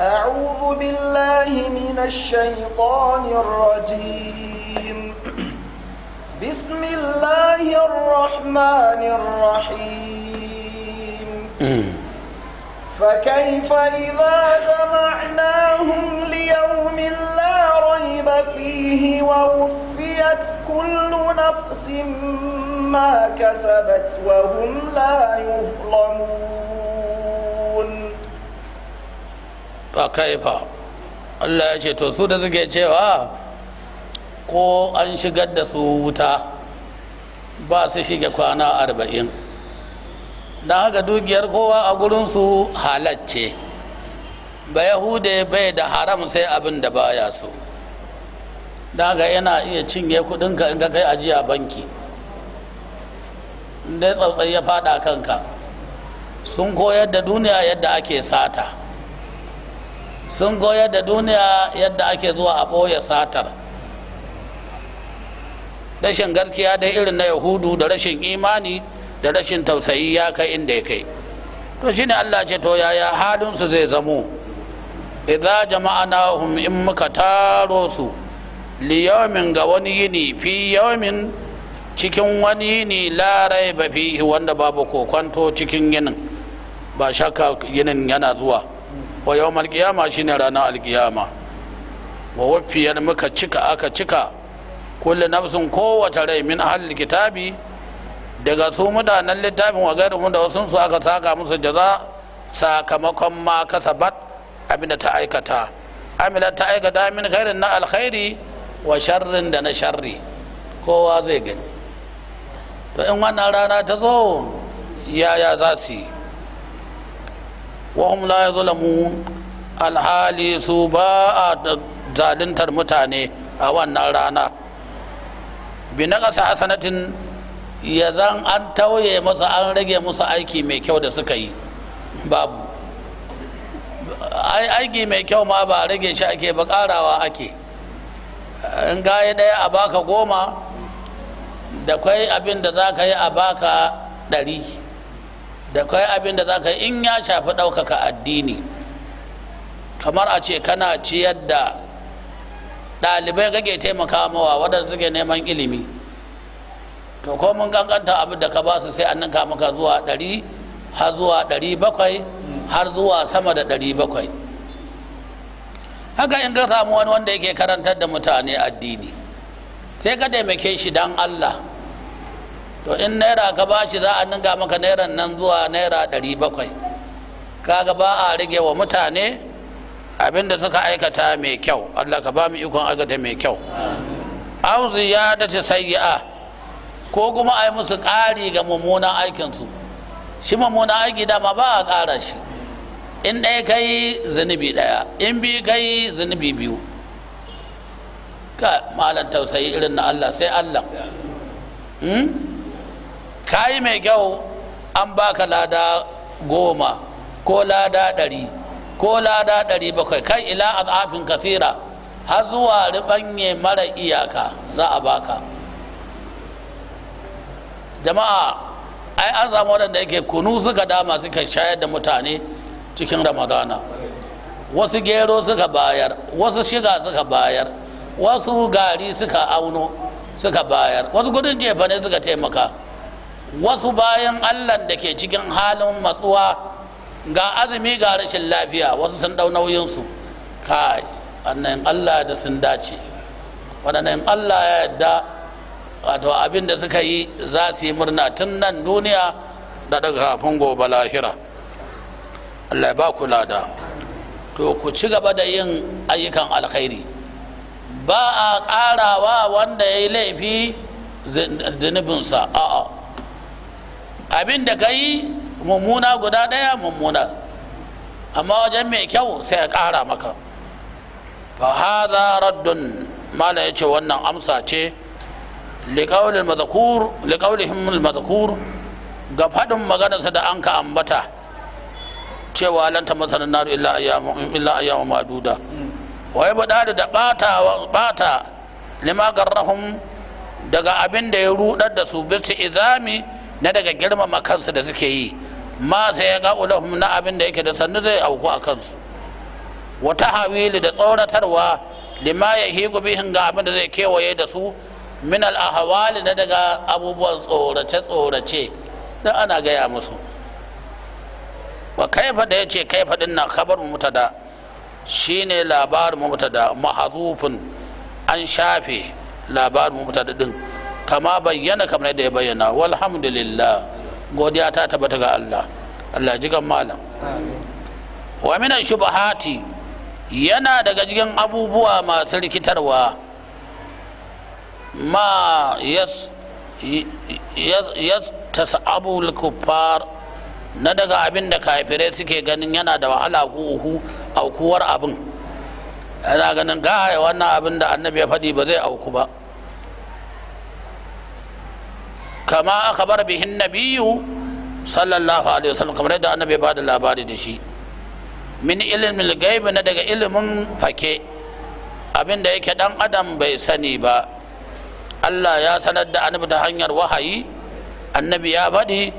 أعوذ بالله من الشيطان الرجيم بسم الله الرحمن الرحيم فكيف إذا جمعناهم ليوم لا ريب فيه ووفيت كل نفس ما كسبت وهم لا يظلمون fa kaifa Allah ya ce to su da suke cewa ko an shigar da su wuta ba su shige kwana arba'in don haka dukiyar kowa a gurinsu halacce ba yahude bai da haram sai abin da baya so don haka yana iya cinye kudinka in ka kai ajiya banki dai tsautsai ya fada kanka sun koyar da duniya yadda ake sata sun goya da duniya yadda ake zuwa a ɓoye satar rashin gaskiya da irin na yahudu da rashin imani da rashin tausayi ya kai inda ya kai to shine allah ce to yaya halinsu zai zamo idza jama'anahum in muka taro su liyamin ga wani yini fi yawmin cikin wani yini larai ba fi wanda babu kokonto cikin yinin ba shakka yinin yana zuwa wa yawmal shine ranar alkiyama wa wafiyar muka cika aka cika na nafsin kowace rai min ahli kitabi daga su mutanen littafin wa gari da wasu su aka saka musu jaza sakamakon ma bat abinda ta aikata Amina ta aikata min khairin na alkhairi wa sharrin da na sharri kowa zai gani to in wannan rana ta zo yaya za su yi wahum la mu alhali su ba a zaluntar mutane a wannan rana bi na ƙasa sanatin ya zan an tauye masa an rage musu aiki mai kyau da suka yi babu aiki mai kyau ma ba rage shi ake ba ƙarawa ake in yi ɗaya a baka goma da kwai abin da za ka yi a baka ɗari da kai abin da za ka in ya shafi ɗaukaka addini kamar a ce kana ciyar da ɗalibai kake taimaka mawa waɗanda suke neman ilimi to ko mun ƙanƙanta abin da ka ba su sai an ninka maka zuwa ɗari har zuwa ɗari bakwai har zuwa sama da ɗari bakwai haka in ka samu wani wanda yake karantar da mutane addini sai ka taimake shi dan allah to in naira ka bashi za a ninga maka nairan nan zuwa naira ɗari bakwai kaga ba a rage wa mutane abinda suka aikata mai kyau allah ka ba mu ikon aikata mai kyau an ziyada ta sayi'a ko kuma a yi musu ƙari ga mummunan aikinsu shi mummunan aiki dama ba a ƙara shi in ɗaya ka yi zunubi ɗaya in biyu ka yi zunubi biyu ka malar tausayi irin na allah sai allah hmm? ka yi mai kyau an baka lada goma ko lada ɗari ko lada ɗari bakwai kai ila azafin kasira har zuwa ribanye mara iyaka za a baka jama'a ai an samu waɗanda yake kunu suka dama suka shayar da mutane cikin ramadana wasu gero suka bayar wasu shiga suka bayar wasu gari suka auno suka bayar wasu gudun jefa ne suka taimaka wasu bayan allah da ke cikin halin matsuwa ga azumi ga rashin lafiya wasu sun dau nauyinsu kai annan allah da sun dace yin allah ya yadda wato abin da suka yi za su yi murna tun nan duniya da daga kafin gobe lahira allah ba ku lada to ku ci gaba da yin ayyukan alkhairi ba a ƙarawa wanda ya yi laifi zunubinsa a'a abin da ka yi mummuna guda ɗaya mummuna amma wajen mai kyau sai ya ƙara maka fa hadha raddun mala ya ce wannan amsa ce liƙaulihim mazakur ga faɗin maganarsa da an ka ambata cewa lanta masanin naru illa ayyama maduda wai bada da ɓata ɓata lima daga abin da ya ruɗar da su bisu izami na daga girmama kansu da suke yi ma sai ya ga'u na abin da yake da sannu zai auku a kansu wata hawili da tsoratarwa lima ya higu bihin ga abin da zai kewaye da su min al'ahawali na daga abubuwan tsorace-tsorace da ana gaya musu wa kaifa da ya ce kaifa din na mu mutada shine labarin mutada mahazufin an shafe labarin mutada ɗin. kama bayyana kamar da ya bayyana walhamdulillah godiya ta tabbata ga Allah Allah ji gan malam wa minan shubahati yana daga cikin abubuwa masu rikitarwa ma yas yas tasabul kuffar na daga abin da kafirai suke ganin yana da wahala uhu aukuwar abin yana ganin ga wannan abin da annabi ya faɗi ba zai auku ba kama bar bihin nabiyyu sallallahu alaihi wasallam kamar yadda annabi ba da labari da shi min ilmin gaibi na daga ilimin fake abinda yake ɗan adam bai sani ba Allah ya sanar da annabi ta hanyar wahayi annabi ya faɗi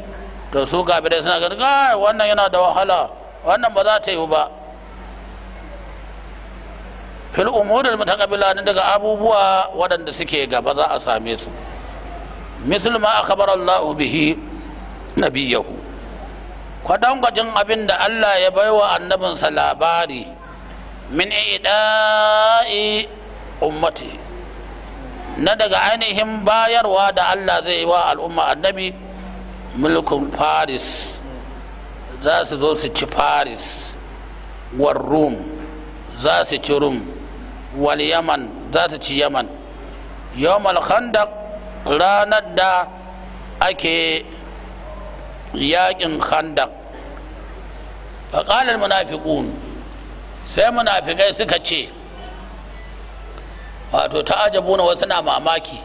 to su kafirai suna ganin wannan yana da wahala wannan ba za ta yi ba fil umurul mutaqabila daga abubuwa waɗanda suke gaba za a same su مثل ما أخبر الله به نبيه kwadon gwajin abin Allah ya baiwa annabinsa labari min ida'i ummati na daga ainihin bayarwa da Allah zai yi wa al'umma annabi mulkin faris za su zo su ci faris war rum za su ci rum wal yaman za su ci yaman yawmal khandaq ranar da ake yakin khandak faƙalar munafiqun sai munafikai suka ce wato ta'ajabuna wasu na mamaki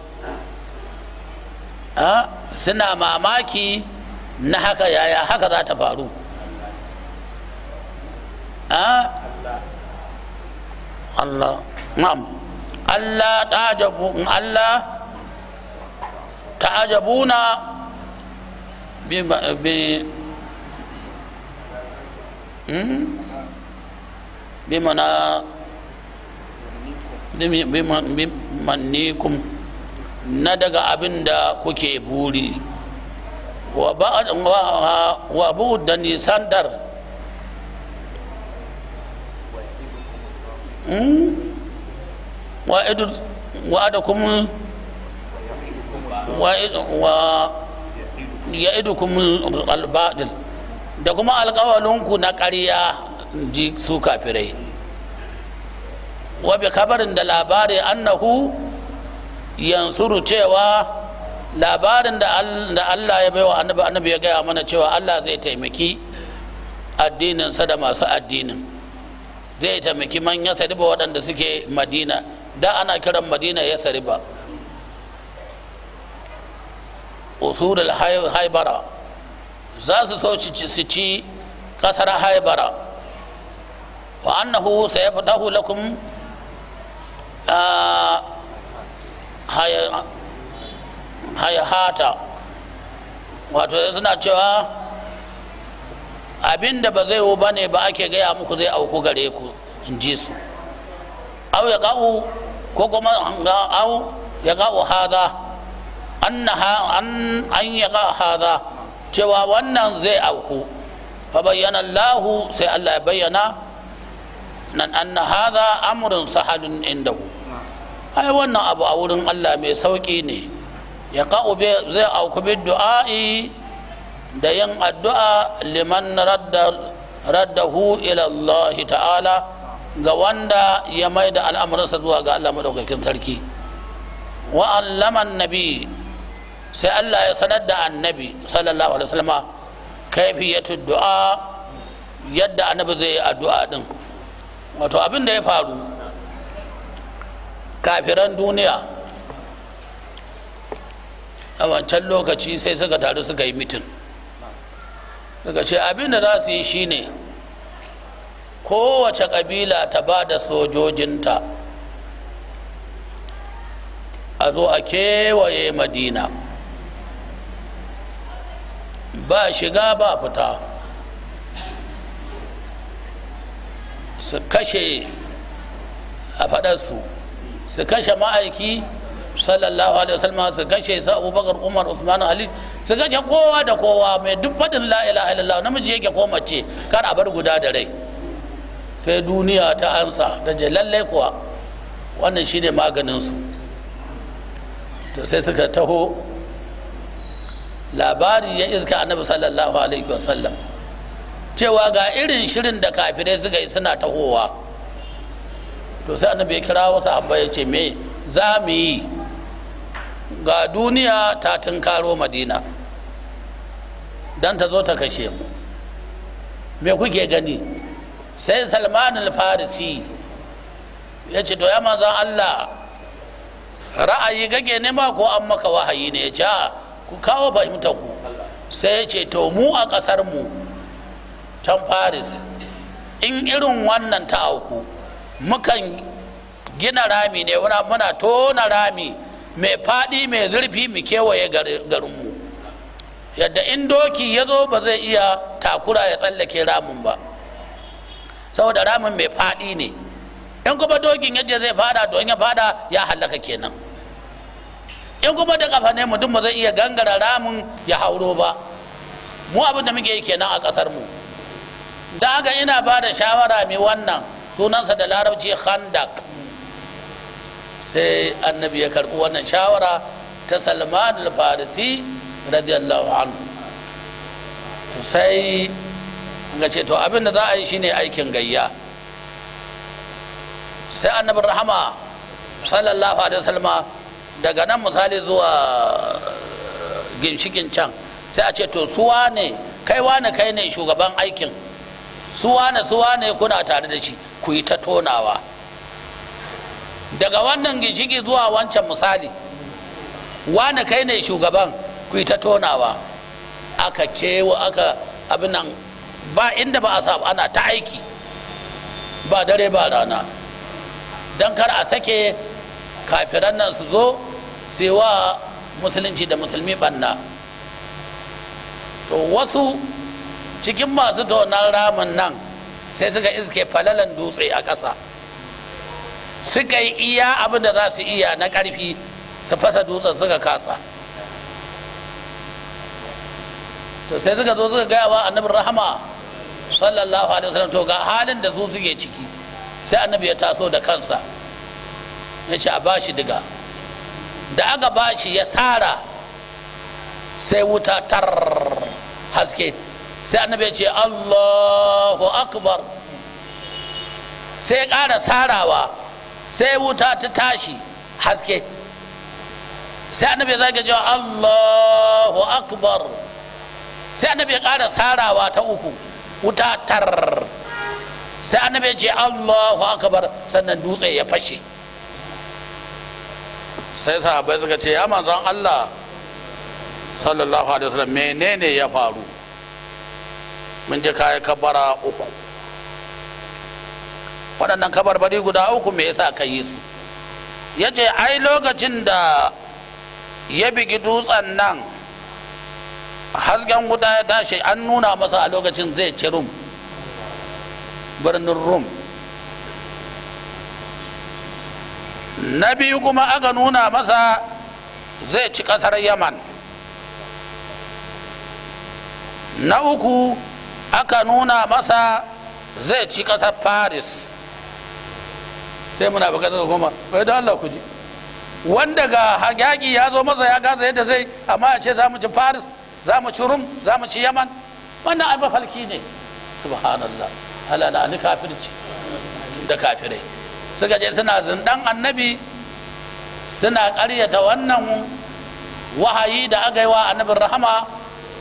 ah, suna mamaki na haka yaya haka za ta faru ah, Allah na'am Allah ta'ajabu Allah تعجبون ب hmm? na daga abinda kuke buri wa bu da nisandar wa da hmm? kuma ya da kuma alkawalinku na ƙarya ji su kafirai wabi kabarin da labari annahu yansuru cewa labarin da Allah ya baiwa annabi ya gaya mana cewa Allah zai taimaki addininsa da masu addinin zai taimaki man sariba waɗanda suke madina da ana kiran madina ya sariba usurul haibara za su so su ci ƙasar haibara wa annahu sayafdahu lakum hayahata wato suna cewa abinda ba zai ba bane ba ake gaya muku zai auku gare ku in ji su au ya ƙa'u ko kuma au ya ƙa'u hada annaha an an hada cewa wannan zai auku fa bayyana Allah sai Allah ya bayyana nan anna hada amrun sahalun indahu ai wannan abu a wurin Allah mai sauki ne ya ka'ube zai auku bi du'a'i da yin addu'a liman radda raddahu ila Allah ta'ala ga wanda ya maida al'amuransa zuwa ga Allah madaukakin sarki wa allama nabi sai Allah ya sanar da annabi sallallahu alaihi wasallam kaifiyatu du'a yadda annabi zai yi addu'a din wato abin da ya faru kafiran duniya a wancan lokaci sai suka taru suka yi mitin suka ce abin da za su yi shine kowace kabila ta ba da sojojinta a zo a kewaye madina ba shiga ba fita su kashe a faɗarsu su kashe ma'aiki sallallahu alaihi wasallam su kashe sa abubakar umar usman ali su kashe kowa da kowa mai duk faɗin la ilaha illallah namiji yake ko mace kar a bar guda da rai sai duniya ta ansa da je lallai kuwa wannan shine maganin su to sai suka taho labari ya iska annabi sallallahu alaihi wasallam cewa ga irin shirin da kafirai suka yi suna tahowa to sai annabi ya kira wasu abba ya ce me za mu yi ga duniya ta tunkaro madina don ta zo ta kashe mu me kuke gani sai salman al-farisi ya ce to ya manzan allah ra'ayi gage ma ko an maka wahayi ne ya ce ah, ku kawo fahimtar ku sai ya ce to mu a ƙasar mu can paris in irin wannan ta auku mukan gina rami ne muna tona rami mai faɗi mai zurfi mu kewaye garinmu yadda in doki ya zo ba zai iya takura ya tsallake ramin ba saboda ramin mai faɗi ne in kuma dokin yadda zai fada don ya fada ya hallaka kenan in kuma da kafa ne mutum ba zai iya gangara ramin ya hauro ba mu abin da muke yi kenan a kasar mu da haka ina ba da shawara mai wannan sunansa da larabci khandak sai annabi ya karɓi wannan shawara ta salman al-farisi radiyallahu anhu sai ga ce to abin da za a yi shine aikin gayya sai annabi rahama sallallahu alaihi wasallam daga nan misali zuwa eh, ginshikin can sai a ce to suwa ne kai wane kai ne shugaban aikin suwa ne suwa ne kuna tare da shi ku yi ta tonawa daga wannan ginshiki zuwa wancan misali wane kai ne shugaban ku yi ta tonawa aka kewa aka abinan ba inda ba a sabu ana ta aiki ba dare ba rana don kar a sake kafiran nan su zo sai wa musulunci da musulmi banna to wasu cikin masu tonan ramin nan sai suka iske falalan dutse a ƙasa suka yi iya abin da za su iya na ƙarfi su fasa dutsen suka kasa to sai suka zo suka gaya wa annabin rahama sallallahu alaihi wasallam to ga halin da su suke ciki sai annabi ya taso da kansa ya ce a ba shi diga da aka ba shi ya tsara sai wuta tar haske sai annabi ya ce allahu akbar sai ya ƙara sarawa sai wuta ta tashi haske sai annabi zai gajewa allahu akbar sai annabi ya ƙara sarawa ta uku wuta tar sai annabi ya ce allahu akbar sannan dutse ya fashe sai sahabai suka ce ya manzon Allah sallallahu alaihi wasallam menene ya faru mun ji kayi kabara uku waɗannan kabarbari guda uku me yasa ka yi su ya ce ai lokacin da ya bigi dutsen nan hasken guda ya tashi an nuna masa a lokacin zai ci rum birnin rum na biyu kuma aka nuna masa zai ci kasar yaman na uku aka nuna masa zai ci kasar paris sai muna bukatar goma bai da allah ku wanda ga yaƙi ya zo masa ya gaza yadda zai amma ya ce za mu ci paris za mu ci rum za mu ci yaman wannan ai mafalki ne subhanallah ala ni kafirci da kafirai suka je suna zindan annabi suna karyata wannan wahayi da aka yi wa annabin rahama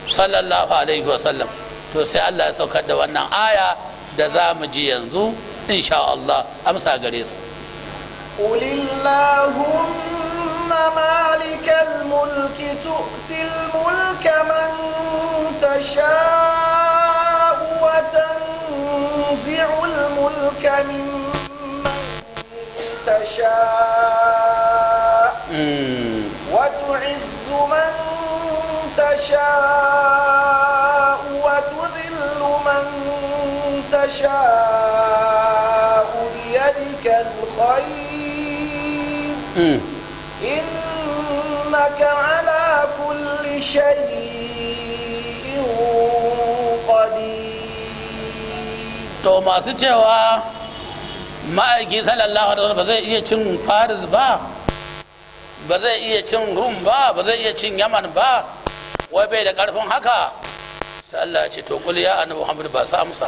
sallallahu alaihi wasallam to sai allah ya saukar da wannan aya da za mu ji yanzu insha allah amsa gare su مالك الملك تؤتي الملك من تشاء وتنزع الملك ممن تشاء وتعز من تشاء وتذل من تشاء بيدك الخير إنك على كل شيء قدير to ma'aiki sallallahu alaihi ba zai iya cin faris ba ba zai iya cin rum ba ba zai iya cin yaman ba wai bai da karfin haka sai Allah ce to kul ya annabi Muhammad ba sa amsa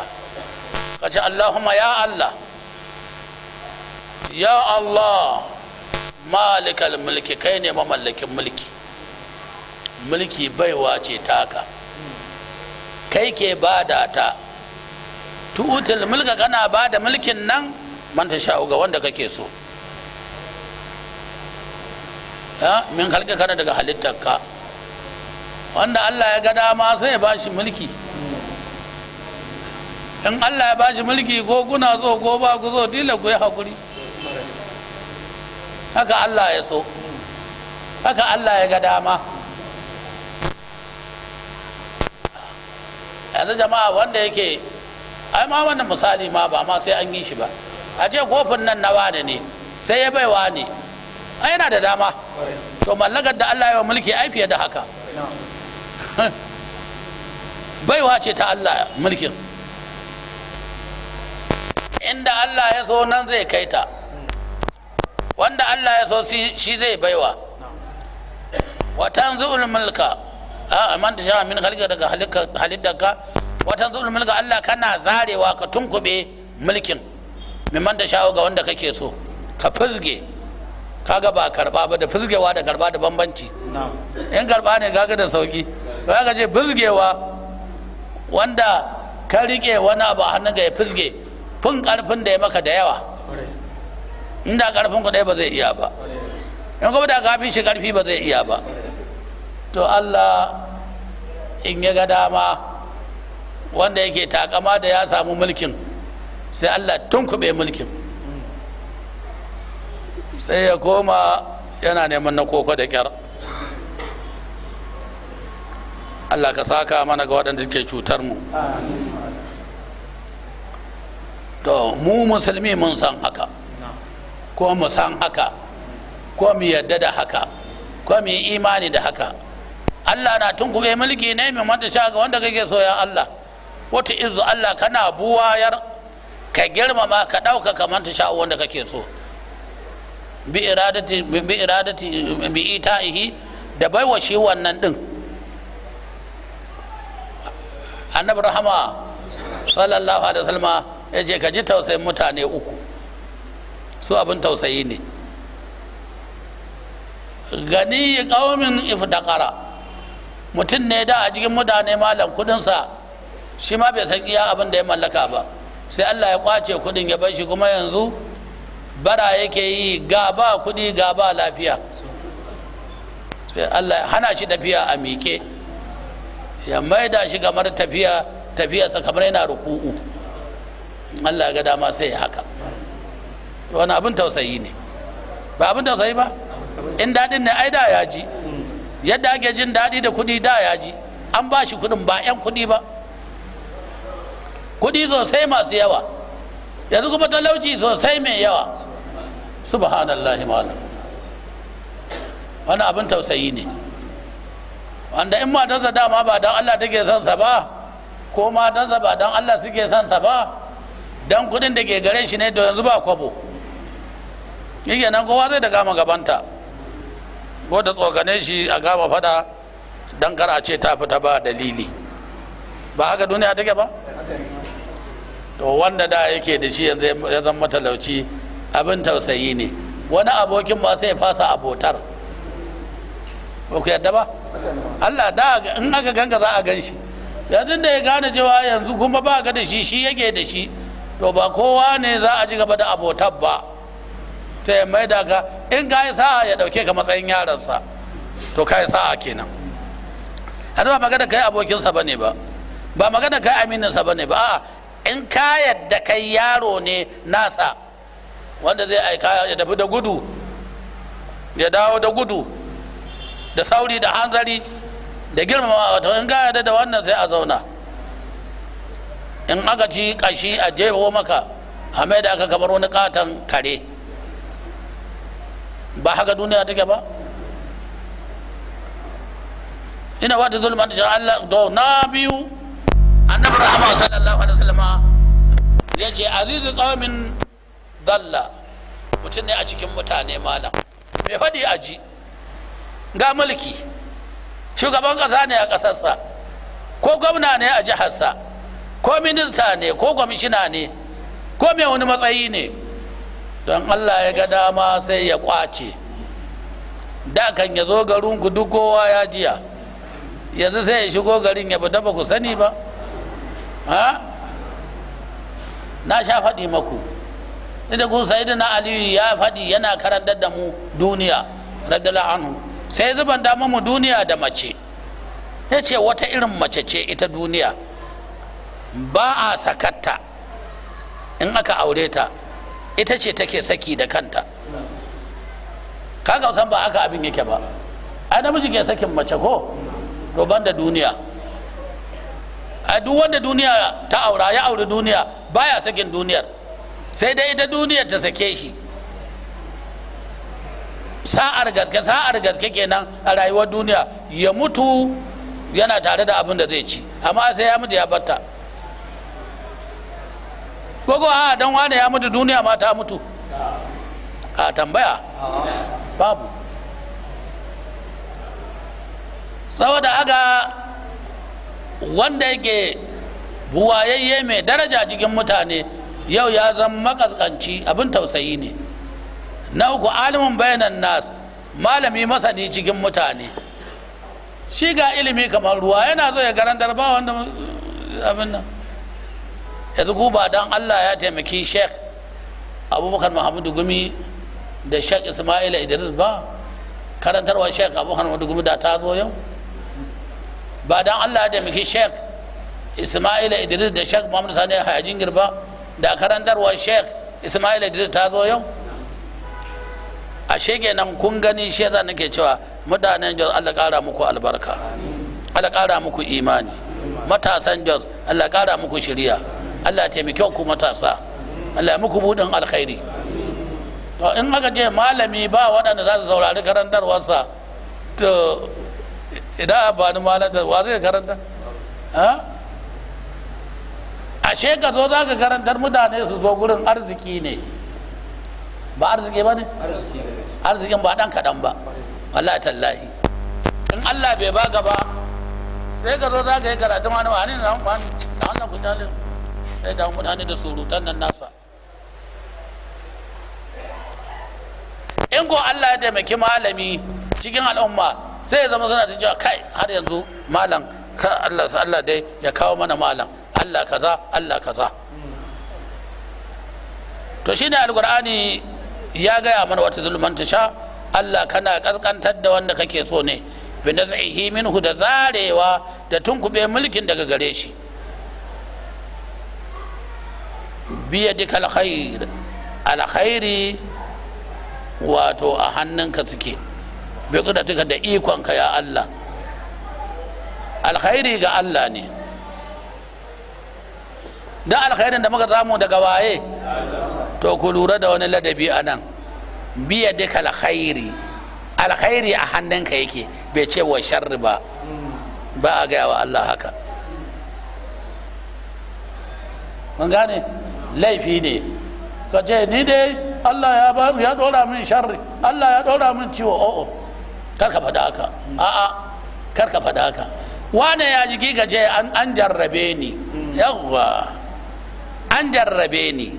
ka ce Allahumma ya Allah ya Allah malikal mulki kai ne mamallakin mulki mulki baiwa ce taka kai ke bada ta tutul mulka kana bada mulkin nan Manta sha'u ga wanda kake so ya min halka kana daga halittarka wanda Allah ya ga dama sai ya bashi mulki in Allah ya bashi mulki ko kuna zo ko ba ku zo dila ku yi hakuri haka Allah ya so haka Allah ya ga dama yanzu jama'a wanda yake ai ma wannan misali ma ba ma sai an yi shi ba a ce kofin nan na wani ne sai ya bai wani a yana da dama to mallakar da Allah ya wa mulki ai fiye da haka baiwa ce ta Allah mulkin inda Allah ya so nan zai kai ta wanda Allah ya so shi zai baiwa watan zuul mulka a man tasha min halika daga ka watan zuul mulka Allah kana zarewa ka tunkube mulkin mimman da shawo ga wanda kake so ka fizge kaga ba karba ba da fizgewa da karba da bambanci in karba ne kaga da sauki kaga je fizgewa wanda ka rike wani abu a hannun ga ya fizge fun karfin da ya maka da yawa inda karfin ku ba zai iya ba in kuma da kafin shi karfi ba zai iya ba to allah in ya ga dama wanda yake takama da ya samu mulkin sai allah tunkube mulkin sai ya koma yana neman na koko da kyar allah ka saka mana ga waɗanda ke cutar mu to mu musulmi mun san haka ko mu san haka ko mu yadda da haka ko mu yi imani da haka allah na tunkube mulki ne mai manta sha wanda kake so ya allah wata izu allah kana buwayar ka girmama ka ɗauka kamar ta sha wanda kake so bi iradati bi iradati bi ita'ihi da wa shi wannan din annabi rahama sallallahu alaihi wasallam ya ce ka ji tausayin mutane uku su abin tausayi ne gani kaumin iftakara mutum ne da a cikin mutane malam kudinsa shi ma bai san iya abin da ya mallaka ba sai allah ya kwace kudin ya bar shi kuma yanzu bara yake yi ga ba kudi ga ba lafiya sai allah ya hana shi tafiya a miƙe ya maida shi kamar tafiya tafiyarsa kamar yana ruku'u allah ga dama sai ya haka wani abin tausayi ne ba abin tausayi ba in daɗin ne ai da ya ji yadda ake jin daɗi da kuɗi da ya ji an ba shi kuɗin ba 'yan kuɗi ba kuɗi sosai masu yawa yanzu kuma talauci sosai mai yawa subhanallah imala. wani abin tausayi ne wanda in matansa dama ba don allah take son sa ba ko matansa ba don allah suke son sa ba don kuɗin da ke gare shi ne da yanzu ba kwabo yake nan kowa zai da gama gabanta ko da tsokane shi a gama fada don kar a ce ta fita ba dalili ba haka duniya take ba to wanda da yake da shi yanzu ya zama matalauci abin tausayi ne wani abokin ba sai ya fasa abotar ba ku yadda ba allah da in aka ganka za a gan shi yanzu da ya gane cewa yanzu kuma ba ga da shi shi yake da shi to ba kowa ne za a ji gaba da abotar ba ta ya mai daga in ka yi sa'a ya dauke ka matsayin yaransa to ka yi sa'a kenan har ba magana kai abokinsa ba ne ba ba magana kai amininsa ba ne ba a'a in ka yadda kai yaro ne nasa wanda zai aika ya tafi da gudu ya dawo da gudu da sauri da hanzari da girmama wato in ka yadda da wannan sai a zauna in aka ci kashi a jefo maka a mai da aka kamar wani katon kare ba haka duniya take ba ina wata shi Allah na biyu annabi rahama sallallahu alaihi wasallam ya ce azizu qaumin dalla mutum ne a cikin mutane malam mai faɗi a ji ga mulki shugaban ƙasa ne a ƙasarsa ko gwamna ne a jiharsa ko minista ne ko kwamishina ne ko mai wani matsayi ne don allah ya ga dama sai ya kwace da kan ya zo garin ku duk kowa ya jiya yanzu sai ya shigo garin ya ba ku sani ba ha na sha faɗi maku inda ku na aliyu ya faɗi yana karantar da mu duniya radala anhu sai zuban dama mu duniya da mace ya ce wata irin mace ce ita duniya ba a sakatta in aka aure ta ita ce take saki da kanta kaga san ba aka abin yake ba a namiji ke sakin mace ko to da duniya a duk wanda duniya ta aura ya auri duniya baya sakin duniyar sai dai ita duniyar ta sake shi sa'ar gaske sa'ar gaske kenan a rayuwar duniya ya mutu yana tare da abin da zai ci amma sai ya mutu ya batta gogo a dan wane ya mutu duniya ma ta mutu a tambaya babu saboda haka. wanda yake buwayayye mai daraja cikin mutane yau ya zama makaskanci abin tausayi ne na uku alimin bayanan nas malami masani cikin mutane shi ga ilimi kamar ruwa yana zai ya garantar ba wanda abin nan Ya zuku ba dan allah ya taimaki sheikh abubakar muhammadu gumi da sheikh ismaila idris ba karantarwa sheikh abubakar muhammadu gumi da ta zo yau ba dan Allah da muke Sheikh Isma'il Idris da Sheikh Muhammad Sani Hajin Girba da karantarwar Sheikh Isma'il Idris ta zo yau a shege nan kun gani shi yasa nake cewa mutanen Jos Allah kara muku albarka Allah kara muku imani matasan Jos Allah kara muku shiriya Allah taimake ku matasa Allah muku budin alkhairi to in aka je malami ba waɗanda za su saurari karantarwarsa to idan amfanin malar da wa zai karanta ashe ka zo za ka karantar mutane su zo gurin arziki ne ba arziki ba ne arzikin ba dan kaɗan ba wallahi tallahi in allah bai baka ba sai ka zo za ka yi karatun wani wani na wani ta wannan kujalin sai da mutane da surutan nan nasa in ko allah ya taimaki malami cikin al'umma sai ya zama suna cewa kai har yanzu malam ka Allah Allah dai ya kawo mana malam Allah kaza Allah kaza to shine alqur'ani ya gaya mana wata zulman sha Allah kana kaskantar da wanda kake so ne bi naz'ihi minhu da zarewa da tunkube mulkin daga gare shi biyadika alkhair alkhairi wato a hannunka suke bi tuka da ka ya Allah alkhairi ga Allah ne da alkhairin da muka samu daga waye to ku lura da wani ladabi a nan biya duka alkhairi alkhairi a hannunka yake bai ce wa sharri ba ba a gaya wa Allah haka kun gane laifi ne ka ce ni dai Allah ya ba ya dora min sharri Allah ya dora min ciwo o'o oh, oh. kar ka faɗa haka a'a kar ka faɗa haka wane ya jiki gaje an jarrabe ni yawwa an jarrabe ni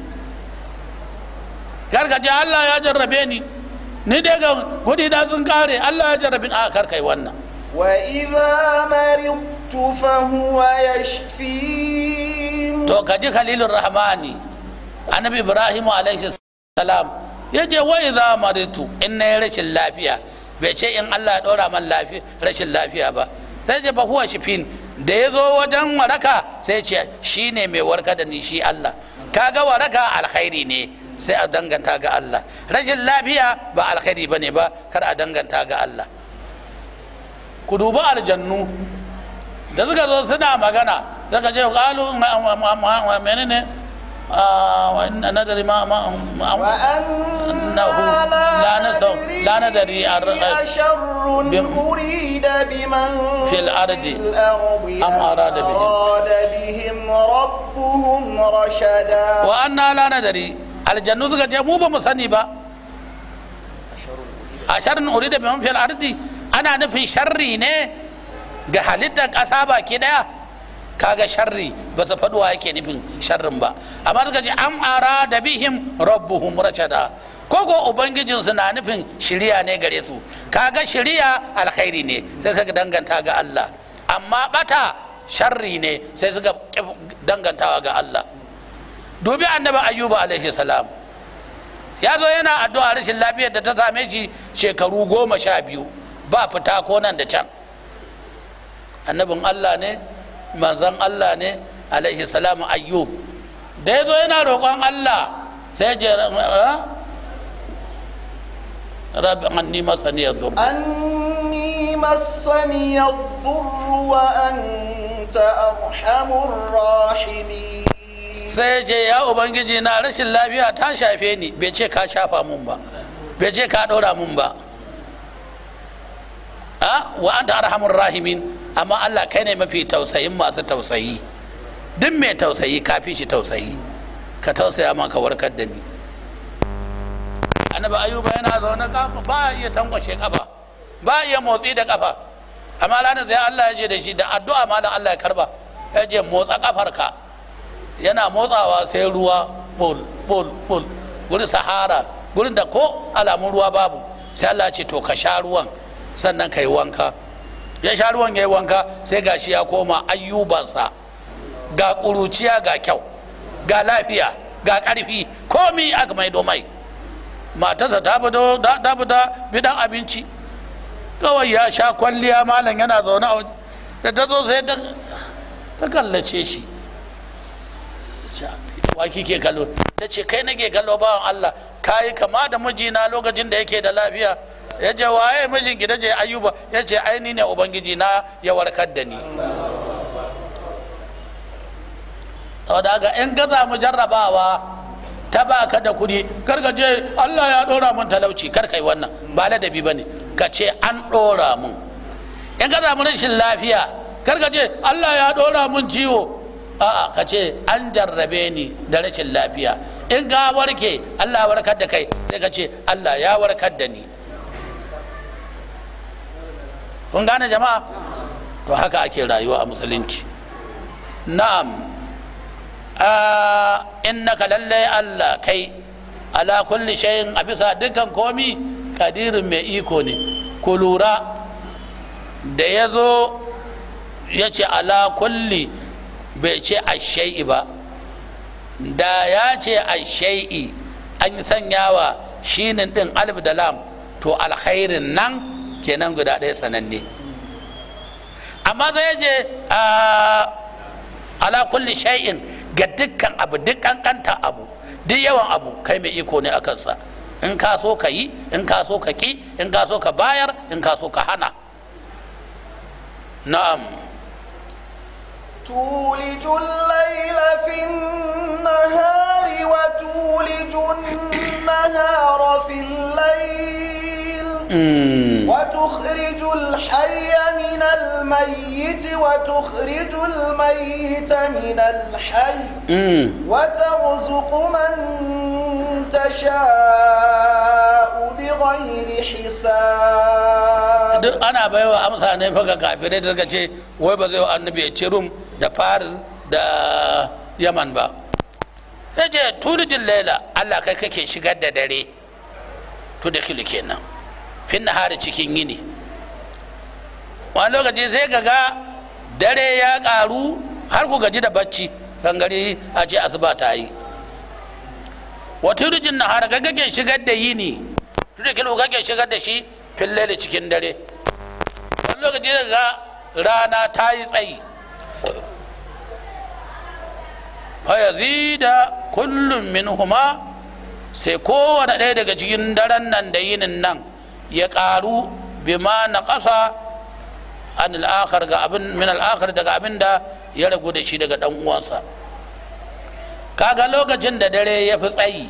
kar ka je Allah ya jarrabe ni ni daga kuɗi na sun kare Allah ya jarrabe ni a kar kai wannan wa idza maritu fa huwa yashfi to kaji khalilur rahmani annabi ibrahim alaihi salam yaje wa idza maritu in na rashin lafiya bai ce in Allah ya ɗora man rashin lafiya ba sai ce ba shifin da ya zo wajen waraka sai ce shi ne mai warka da ni shi Allah kaga waraka alkhairi ne sai a danganta ga Allah rashin lafiya ba alkhairi ba ne ba kar a danganta ga Allah ku duba aljannu da suka zo suna magana suka ce menene وإن ندري ما ما أنه لا ندري لا ندري أشر أريد بمن في الأرض أم أراد بهم أراد بهم ربهم رشدا وأنا لا ندري الجنة قد مو بمسنبة أشر أريد بمن في الأرض أنا نفي شري ne ga halittar ƙasa baki ɗaya kaga sharri ba su faduwa yake nufin sharrin ba amma suka ce an ara da bihim rabbuhum rashada ko ko ubangijinsu na nufin shiriya ne gare su kaga shiriya alkhairi ne sai suka danganta ga Allah amma bata sharri ne sai suka dangantawa ga Allah dubi annabi ayyuba alaihi salam ya zo yana addu'a rashin lafiyar da ta same shi shekaru goma sha biyu ba fita ko nan da can annabin Allah ne manzan Allah ne alaihi salamu ayyub da ya zo yana roƙon Allah sai je rabbi anni masani yadur anni masani yadur wa anta arhamur rahimin sai je ya ubangiji na rashin lafiya ta shafe ni bai ce ka shafa mun ba bai ce ka ɗora mun ba A wa anta arhamur rahimin amma Allah kai ne mafi tausayin masu tausayi duk mai tausayi kafi shi tausayi ka tausaya ma ka warkar da ni annabi ayuba yana zaune ba iya tankwashe kafa ba iya motsi da kafa amma ranar zai Allah ya je da shi da addu'a ma da Allah ya karba ya je motsa kafarka yana motsawa sai ruwa bol bol bol gurin sahara gurin da ko alamun ruwa babu sai Allah ce to ka sha ruwan sannan ka yi wanka ya sha ruwan ya yi wanka sai ga shi ya koma ayyubansa ga ƙuruciya ga kyau ga lafiya ga ƙarfi komi aka mai domai matarsa ta fita bidan abinci kawai ya sha kwalliya malam yana zaune a waje da ta zo sai ta kallace shi wa kike kallo ta ce kai nake kallo bawan allah kayi kama da mijina lokacin da yake da lafiya ya ce waye mijin gida je ayuba ya ce aini ne ubangiji na ya warkar da ni to daga in gaza mu jarrabawa ta baka da kudi karka je Allah ya dora mun talauci kar kai wannan ba ladabi bane ka ce an dora mun in gaza mu rashin lafiya karka je Allah ya dora mun ciwo a'a ka ce an jarrabe ni da rashin lafiya in ga warke Allah warkar da kai sai ka ce Allah ya warkar da ni kun gane jama'a to haka ake rayuwa a musulunci na'am naka lallai allah kai ala kulli shayin a bisa dukkan komi kadirin mai iko ne ku lura da ya zo ya ce ala kulli bai ce ashai'i ba da ya ce ashai'i an sanyawa shinin din alif da lam to alkhairin nan kenan guda ɗaya sananne amma zai je ala kulli shay'in ga dukkan abu duk kankanta abu duk yawan abu kai mai iko ne a kansa in ka so ka yi in ka so ka ki in ka so ka bayar in ka so ka hana na'am تولج الليل في النهار وتولج النهار في الليل وتخرج الحي من الميت وتخرج الميت من الحي وترزق من تشاء بغير حساب duk ana baiwa amsa ne fa ga kafirai da suka ce wai ba zai wa annabi ya ci rum da paris da yaman ba sai ce tulijin laila allah kai kake shigar da dare to da kilu kenan fin hari cikin yini wani lokaci sai ga ga dare ya karu har ku gaji da bacci kan gari a ce asuba ta yi wa tudujin na ga gagen shigar da ne tudujin gagen shigar da shi da cikin dare wani lokaci ga rana ta yi tsayi fayazida kullum min huma sai kowane ɗaya daga cikin daren nan da yinin nan ya ƙaru bima na ƙasa an min al'akar daga abin da ya ragu da shi daga ɗan uwansa kaga lokacin da dare ya fi tsayi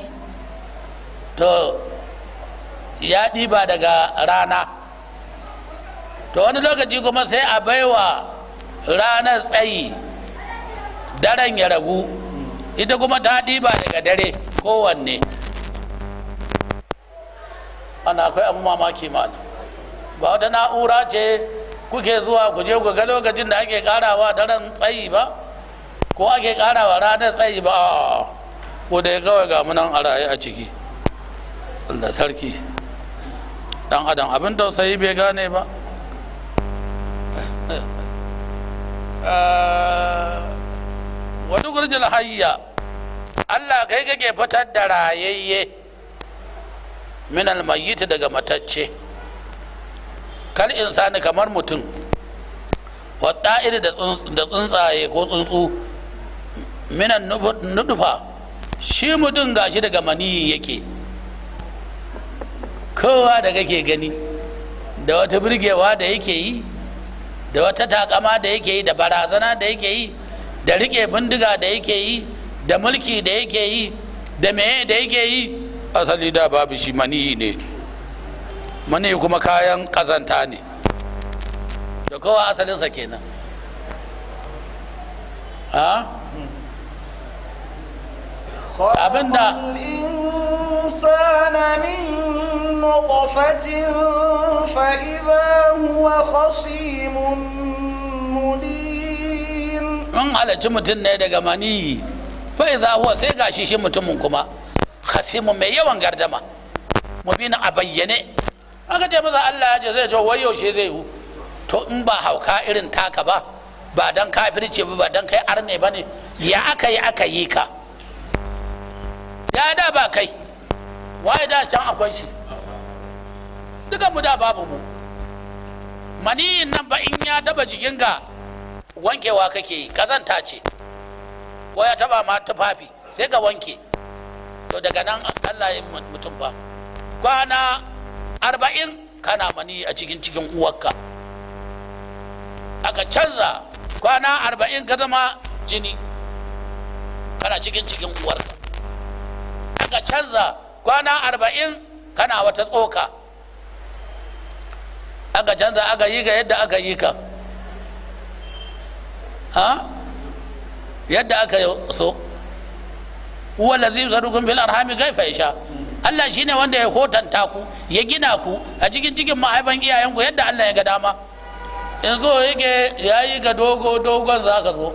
to ya ɗiba daga rana to wani lokaci kuma sai a baiwa ranar tsayi daren ya ragu ita kuma ta ɗiba daga dare kowanne ana akwai abin mamaki ma ba wata na'ura ce kuke zuwa ku je ku ga lokacin da ake karawa daren tsayi ba ko ake kara wa ranar tsayi ba a ko dai kawai ga munan a raye a ciki allah sarki dan adam abin tausayi bai gane ba eh, wani gurjil hayya allah kai kake fitar da rayayye min almayyit daga matacce kal insani kamar mutum wa da tsuntsaye ko tsuntsu minan nudufa shi mutum gashi daga maniyi yake kowa da kake gani da wata birgewa da yake yi da wata takama da yake yi da barazana da yake yi da rike bindiga da yake yi da mulki da yake yi da meye da yake yi asali da babu shi maniyi ne maniyi kuma kayan kazanta ne da kowa asalinsa kenan ha ah? abinda insana min nutfatin fa idha huwa khasimun mubin an halarci mutum ne daga mani fa idha huwa sai gashi shi mutumin kuma khasimun mai yawan gardama mubin a bayyane aka ce maza Allah ya ce zai zo wai yaushe zai hu to in ba hauka irin taka ba ba dan kafirce ba ba dan kai arne ba ne ya aka yi aka yi ka ya da ba kai waye da can akwai shi duka mu da babu mu maniyin nan ba in ya daba jikinka wankewa kake yi kazanta ce ko ya taba ma tufafi sai ka wanke to daga nan allah ya mutum ba. kwana arba'in kana mani a cikin cikin uwarka aka canza kwana arba'in ka zama jini kana cikin cikin uwarka ka canza kwana arba'in kana wata tsoka aga canza aka yi ga yadda aka yi ka ha yadda aka yi so wallazi yuzarukun bil arhami kaifa yasha Allah shine wanda ya hotanta ku ya gina ku a cikin cikin mahaifan iyayenku yadda Allah ya ga dama in so yake yayi ga dogo dogon zaka so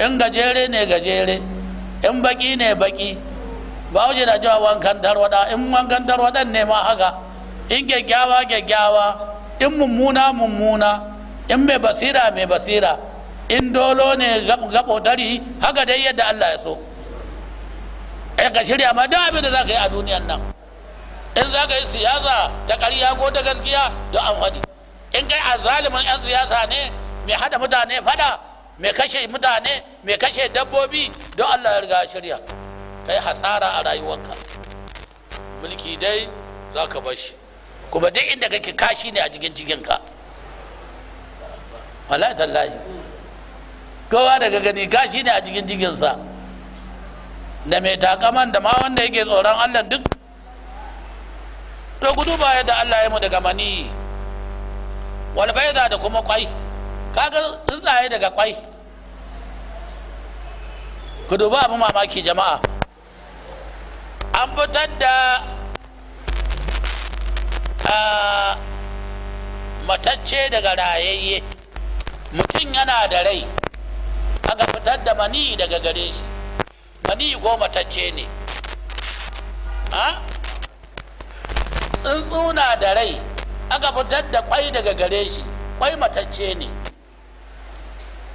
in gajere ne gajere in baki ne baki ba wuce na cewa wankan tarwada in wankan tarwadan ne ma haka in gyaggyawa gyaggyawa in mummuna mummuna in mai basira mai basira in dolo ne gabo dari haka dai yadda Allah ya so ai eh, ka shirya ma da abin da za ka yi a duniyan nan in za ka yi siyasa ta ƙarya ko ta gaskiya da an in kai a zalimin 'yan siyasa ne mai haɗa mutane fada mai kashe mutane mai kashe dabbobi don Allah ya riga shirya kai hasara a rayuwanka mulki dai za ka bashi. shi kuma duk inda kake kashi ne a cikin cikinka wallahi tallahi kowa daga gani kashi ne a cikin cikinsa da mai takaman da ma wanda yake tsoron allah duk to gudu ba yadda allah ya mu daga mani walbaida da kuma kwai kaga tsuntsaye daga kwai ku duba abin mamaki jama'a an fitar da matacce daga rayayye mutum yana da rai aka fitar da mani daga gare shi mani ko matacce ne tsuntsu na da rai aka fitar da kwai daga gare shi kwai matacce ne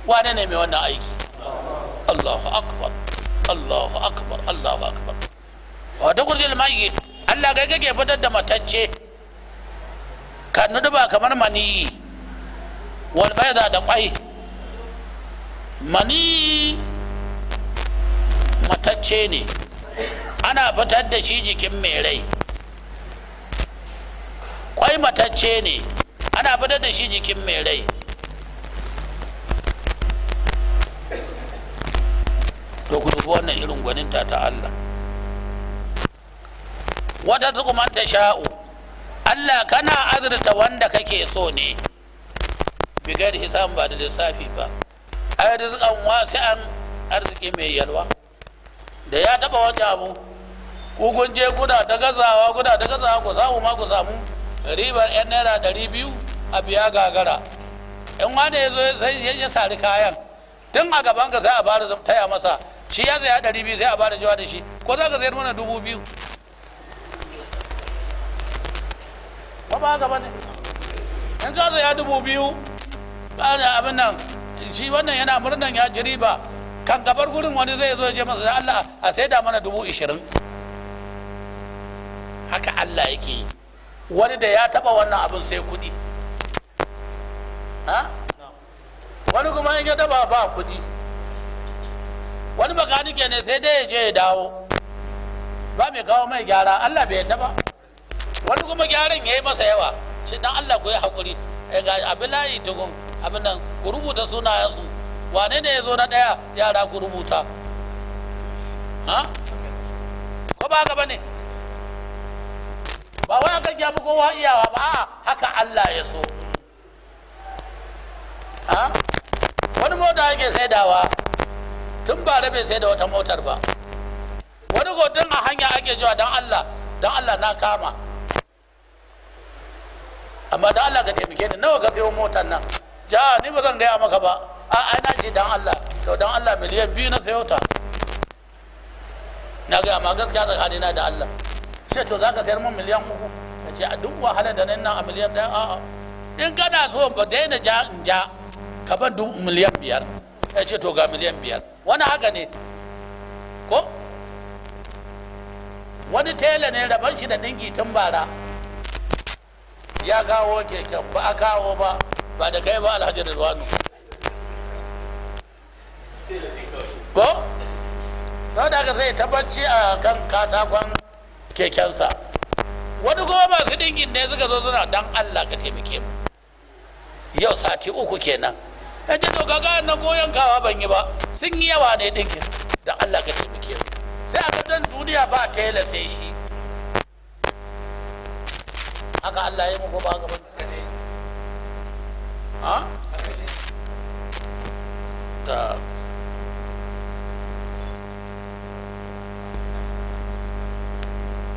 wane ne mai wannan aiki allahu akbar allahu akbar allahu akbar wata kurjil mayyit Allah gai kake fitar da matacce ka ba kamar maniyi wal bayda da kwai mani matacce ne ana fitar da shi jikin mai rai kwai matacce ne ana fitar da shi jikin mai rai to ku dubi wannan irin gwaninta ta Allah wata zukuman da sha'u Allah kana azurta wanda kake so ne bigar hisan ba da lissafi ba ai rizqan wasi'an arziki mai yalwa da ya taba wani abu ku je guda da gazawa guda da gazawa ku samu ma ku samu ribar yan naira ɗari biyu a biya gagara in wanda ya zo sai ya sari kayan tun a gaban ka sai a bada taya masa shi ya zai ɗari biyu sai a bari jiwa da shi ko za ka zai mana dubu biyu ba ba haka bane Yanzu ka ya dubu biyu ba da abin nan shi wannan yana murnan ya ji riba kan gabar gurin wani zai zo je masa Allah a saida mana dubu ishirin haka Allah yake yi wani da ya taba wannan abin sai kuɗi wani kuma in ya taba ba kuɗi wani makanike ne sai dai ya je ya dawo ba mai kawo mai gyara Allah bai yadda ba wani kuma gyaran ya yi masa yawa shi dan Allah ku yi hakuri eh, ga abilayi tukun abin nan ku rubuta sunayensu wane ne ya zo na ɗaya yara ku rubuta ha ko ba haka bane ba wani kan gyabu kowa iyawa ba a'a haka Allah ya so ha wani mota yake saidawa tun ba bai sai da wata motar ba wani godin a hanya ake jiwa dan Allah don Allah na kama amma da Allah ka taimake ni nawa ka sayo motar nan ja ni ba zan gaya maka ba a ina ji dan Allah to dan Allah miliyan biyu na sayo ta na gaya ma gaskiya tsakanina da Allah sai to zaka sayar min miliyan uku ka ce a duk wahalar da nan a miliyan ɗaya a'a in kana so ba daina ja in ja ka ban duk miliyan biyar ya ce to ga miliyan biyar wani haka ne ko wani tela ne rabon shi da ɗinki tun bara ya kawo keken ba a kawo ba ba da kai ba alhaji rizwanu ko na da aka sai tabbaci a kan katakon kekensa wani kuma masu dingin ne suka zo suna dan allah ka taimake mu yau sati uku kenan ya ce to gaga na goyon kawa ban yi ba sun yi yawa ne dinkin da allah ka taimake mu sai a dan duniya ba tela sai shi haka Allah ya yi mu ko ba haka ba ha ta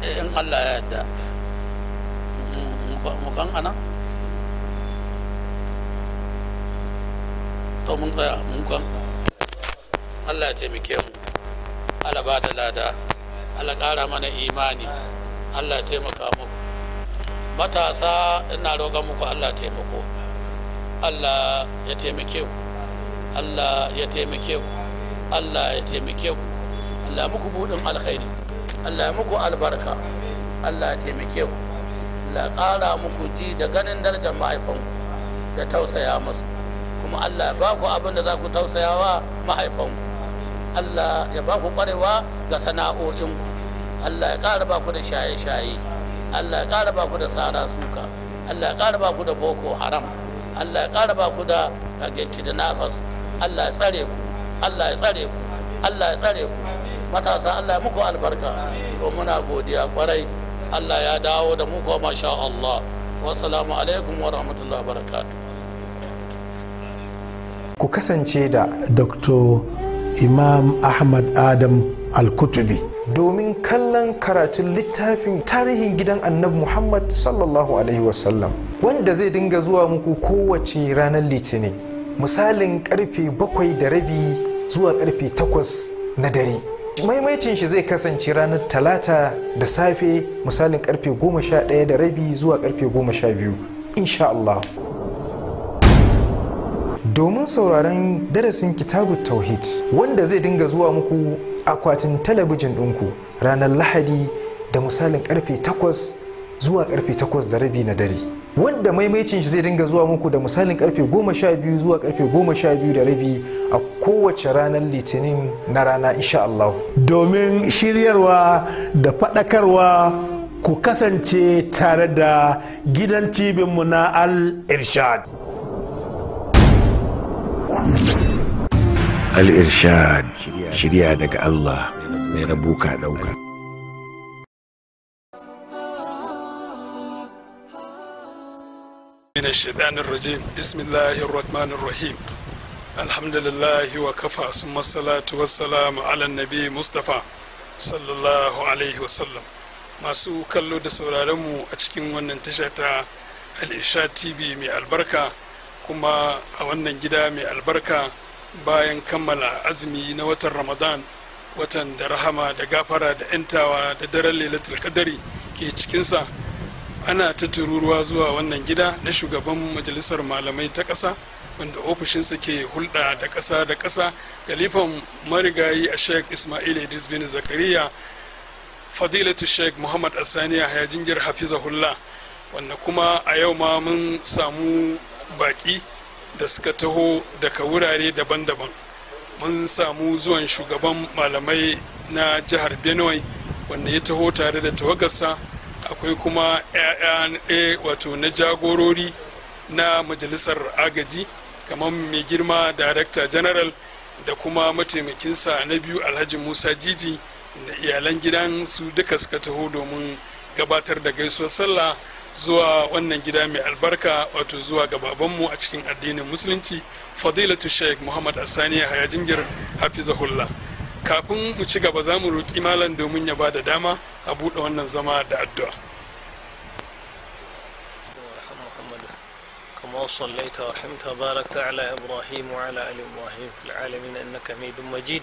eh, in Allah ya yarda mu kan ana to mun tsaya mun kan Allah ya taimake mu Allah ba da lada Allah ƙara mana imani Allah ya taimaka muku matasa ina roƙon muku allah taimako allah ya taimake ku allah ya taimake ku allah ya taimake ku allah muku buɗin alkhairi allah ya muku albarka allah ya taimake ku allah ƙara muku ji da ganin darajar mahaifanku da tausaya musu kuma allah ya ba ku abin da za ku tausaya wa mahaifanku allah ya ba ku ƙwarewa ga sana'o'inku allah ya ƙara ba ku da shaye-shaye allah ya kara ba ku da tsara suka allah ya kara ba ku da boko haram allah ya ƙara ba ku da nafas allah ya tsare ku allah ya tsare ku allah ya tsare ku matasa allah ya muku albarka to muna godiya kwarai allah ya dawo da mu kuma masha allah wasalamu alaikum wa rahmatullahi wa barakatuh ku kasance da dr imam ahmad adam al-kutubi domin kallon karatun littafin tarihin gidan annabi muhammad sallallahu alaihi wasallam wanda zai dinga zuwa muku kowace ranar litinin misalin karfe bakwai da rabi zuwa karfe takwas na dare maimaicin shi zai kasance ranar talata da safe misalin karfe goma sha ɗaya da rabi zuwa karfe goma sha biyu insha Allah domin sauraron darasin kitabu tauhid wanda zai dinga zuwa muku akwatin talabijin ɗinku ranar lahadi da misalin karfe 8 zuwa karfe 8 da rabi na dare wanda maimaicin shi zai dinga zuwa muku da misalin karfe 12 zuwa karfe 12 da rabi a kowace ranar litinin na rana insha Allah domin shiryarwa da faɗakarwa ku kasance tare da gidan tibinmu na al-irshad al-irshad daga Allah mai rabuka dauka mina shaidanin rajin bismillahi rahmanin rahim alhamdulillahi wa kafa sun matsalatu wassalamu masu kallo da sauraronmu a cikin wannan tasha ta al tv mai albarka kuma a wannan gida mai albarka bayan kammala azumi na watan ramadan watan da rahama da gafara da 'yantawa da daren lailatul kadari ke cikinsa ana ta tururuwa zuwa wannan gida na shugaban majalisar malamai ta ƙasa wanda ofishinsa ke hulɗa da ƙasa da ƙasa galifan marigayi a sheikh ismail idris bin zakariya fadilatu sheikh muhammad asaniya hafiza hafizahullah wanda kuma a yau ma mun samu baƙi da suka taho daga wurare daban-daban mun samu zuwan shugaban malamai na jihar benue wanda ya taho tare da tawagarsa akwai kuma 'ya'ya eh, wato na jagorori na majalisar agaji kamar mai girma director general da kuma mataimakinsa na biyu alhaji musa jiji da iyalan gidan su duka suka taho domin gabatar da gaisuwar sallah zuwa wannan gida mai albarka wato zuwa ga babanmu a cikin addinin musulunci fadilatu sheikh muhammad asani haya jingir hafizahullah kafin mu ci gaba za mu roƙi malam domin ya ba da dama a buɗe wannan zama da addu'a كما صليت ورحمت وباركت على إبراهيم وعلى آل إبراهيم في العالمين إنك حميد مجيد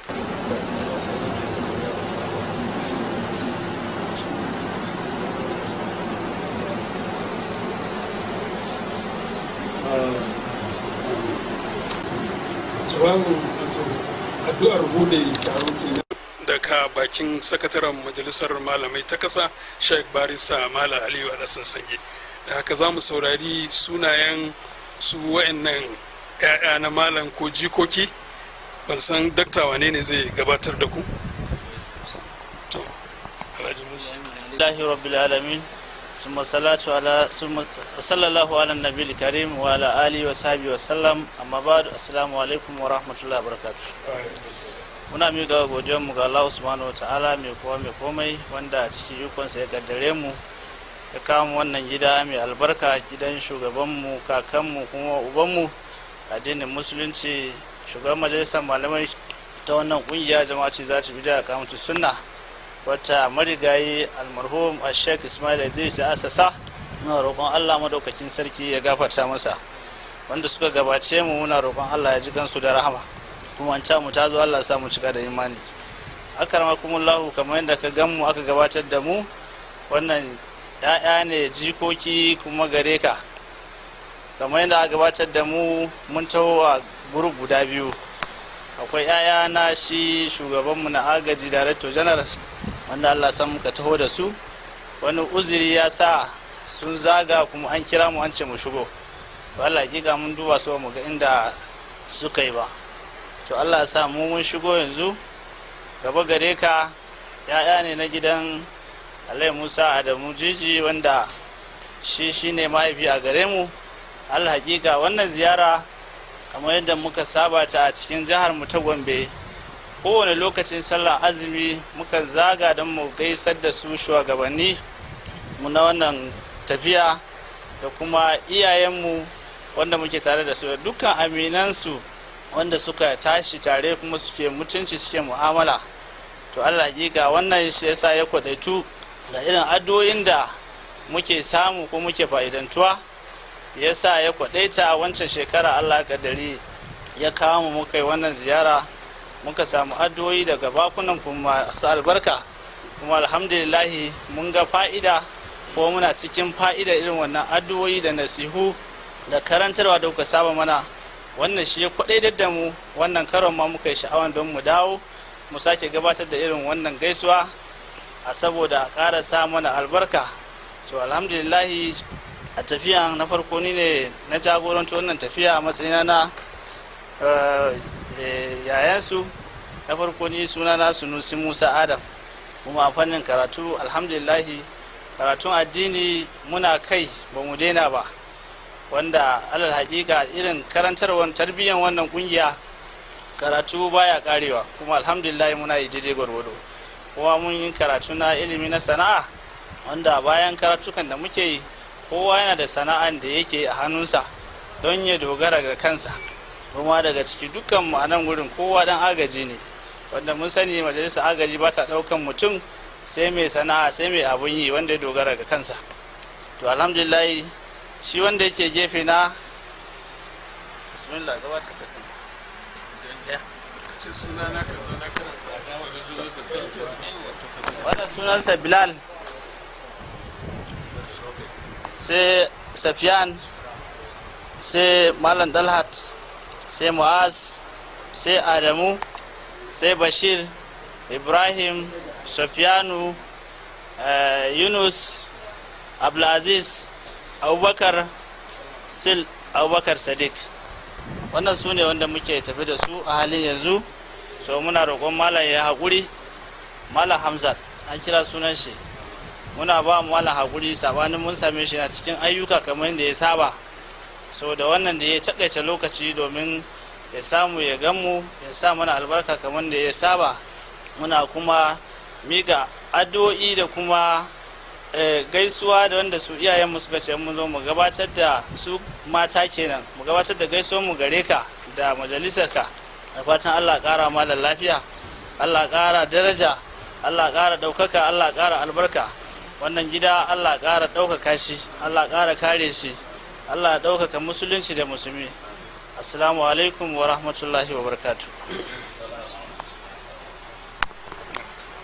daga bakin sakataren majalisar malamai ta kasa sheikh barista mala aliyu alasan sange da haka za mu saurari sunayen su wa'annan 'ya'ya na malam ko jikoki ban san dakta wane ne zai gabatar da ku to ثم الصلاة على wa صلى الله على النبي الكريم وعلى amma وصحبه وسلم أما wa السلام wa rahmatullahi wa وبركاته muna miƙa mu ga Allah subhanahu wa ta'ala mai kowa mai komai wanda a cikin sa ya kaddare mu ya kama wannan gida mai albarka gidan shugaban mu kakan mu kuma uban mu addinin musulunci shugaban majalisar malamai ta wannan kungiya jama'a ce za ta bi da kamatu sunna wata marigayi almarhum a sheikh ismail idris a asasa muna roƙon allah madaukakin sarki ya gafarta masa wanda suka gabace mu muna roƙon allah ya ji kansu da rahama kuma an mu ta zo allah samu cika da imani akarma kumullahu kamar yadda ka gan mu aka gabatar da mu wannan ya'ya ne jikoki kuma gare ka kamar yadda aka gabatar da mu mun taho a gurub guda biyu akwai 'ya'ya na shi shugabanmu na agaji director general wanda allah san muka taho da su wani uzuri ya sa sun zaga kuma an kira mu an ce mu shigo to allah ga mun duba su mu ga inda suka yi ba to allah sa mu mun shigo yanzu gaba gare ka ya'ya ne na gidan alai musa adamu jiji wanda shi shine mahaifi a gare mu allah hakika wannan ziyara kamar yadda muka saba ta a cikin jihar mu ta gombe kowane lokacin sallah azumi mukan zaga don mu gaisar da su shugabanni mu na wannan tafiya da kuma iyayenmu wanda muke tare da su dukkan aminansu wanda suka tashi tare kuma suke mutunci suke mu'amala to allah ga wannan shi yasa ya kwadaitu da irin addu'o'in da muke samu ko muke fa'idantuwa yasa ya kwadaita wancan shekara allah kadari ya kawo mu muka wannan ziyara muka samu addu'o'i daga bakunan kuma su albarka kuma alhamdulillahi mun ga fa'ida ko muna cikin fa'ida irin wannan addu'o'i da nasihu da karantarwa da kuka saba mana wannan shi ya kwaɗai da mu wannan karon ma muka yi sha'awan don mu dawo mu sake gabatar da irin wannan gaisuwa a saboda a ƙara sa mana albarka to alhamdulillahi a tafiya na farko ni ne na jagoranci wannan tafiya a matsayina na eh, Eh, yayansu na farko ni suna na sunusi musa adam kuma a fannin karatu alhamdulillahi karatun addini muna kai ba mu daina ba wanda alal hakika irin karantarwar tarbiyyar wannan kungiya karatu baya karewa kuma alhamdulillah muna yi daidai gwargwado kuma mun yi karatu na ilimi na sana'a wanda bayan karatukan da muke yi kowa yana da sana'an da yake a hannunsa don ya dogara ga kansa kuma daga ciki dukkan mu a nan gurin kowa dan agaji ne wanda mun sani majalisar agaji ba ta daukan mutum sai mai sana'a sai mai abun yi wanda ya dogara ga kansa to alhamdulillah shi wanda yake gefe na bismillah gabata ka wannan sunansa bilal sai safiyan sai malam dalhat sai mu'az sai adamu sai bashir ibrahim sofiyanu eh, yunus abdulaziz abubakar still abubakar sadiq wannan su ne wanda muke tafi da su a halin yanzu so muna roƙon malam ya haƙuri malam hamzat an kira sunan shi muna ba mu malam haƙuri sabanin mun same shi na cikin ayyuka kamar yadda ya saba da wannan da ya takaice lokaci domin ya samu ya ganmu ya sa mana albarka kamar da ya saba muna kuma miƙa addu'o'i da kuma eh, gaisuwa da wanda su iyayenmu suka ce mun zo mu gabatar da su mata kenan mu gabatar da gaisuwar mu gare ka da majalisar ka da fatan allah ƙara mallan lafiya allah ƙara daraja allah ƙara ɗaukaka allah ƙara albarka wannan gida allah ƙara ɗaukaka shi allah ƙara kare shi Allah ɗaukaka musulunci da musulmi assalamu alaikum wa rahmatullahi wa barkatu.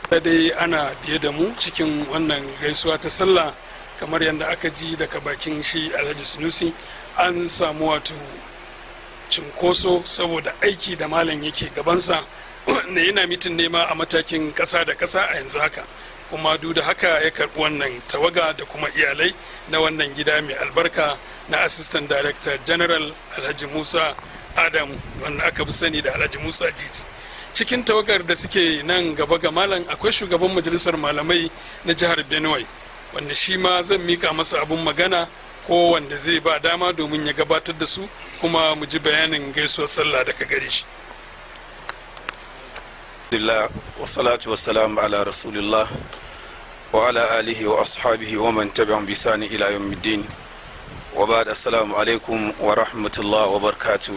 da dai ana biye da mu cikin wannan gaisuwa ta sallah kamar yadda aka ji daga bakin shi alhaji sunusi an samu wato cinkoso saboda aiki da malam yake gabansa na yana mitin nema a matakin ƙasa da ƙasa a yanzu haka kuma duk da haka ya karɓi wannan tawaga da kuma iyalai na wannan gida mai albarka na assistant director general alhaji musa adam wanda aka fi sani da alhaji musa jiji cikin tawagar da suke nan gaba ga malam akwai shugaban majalisar malamai na jihar benue wanda shi ma zan mika masa abun magana ko wanda zai ba dama domin ya gabatar da su kuma mu ji bayanin gaisuwar sallah daga gare shi alhamdulillah wasalatu wasalam ala rasulillah wa ala alihi wa ashabihi wa man tabi'an bisani ila yawmiddin wa ba'd assalamu alaikum wa rahmatullah wa barkatu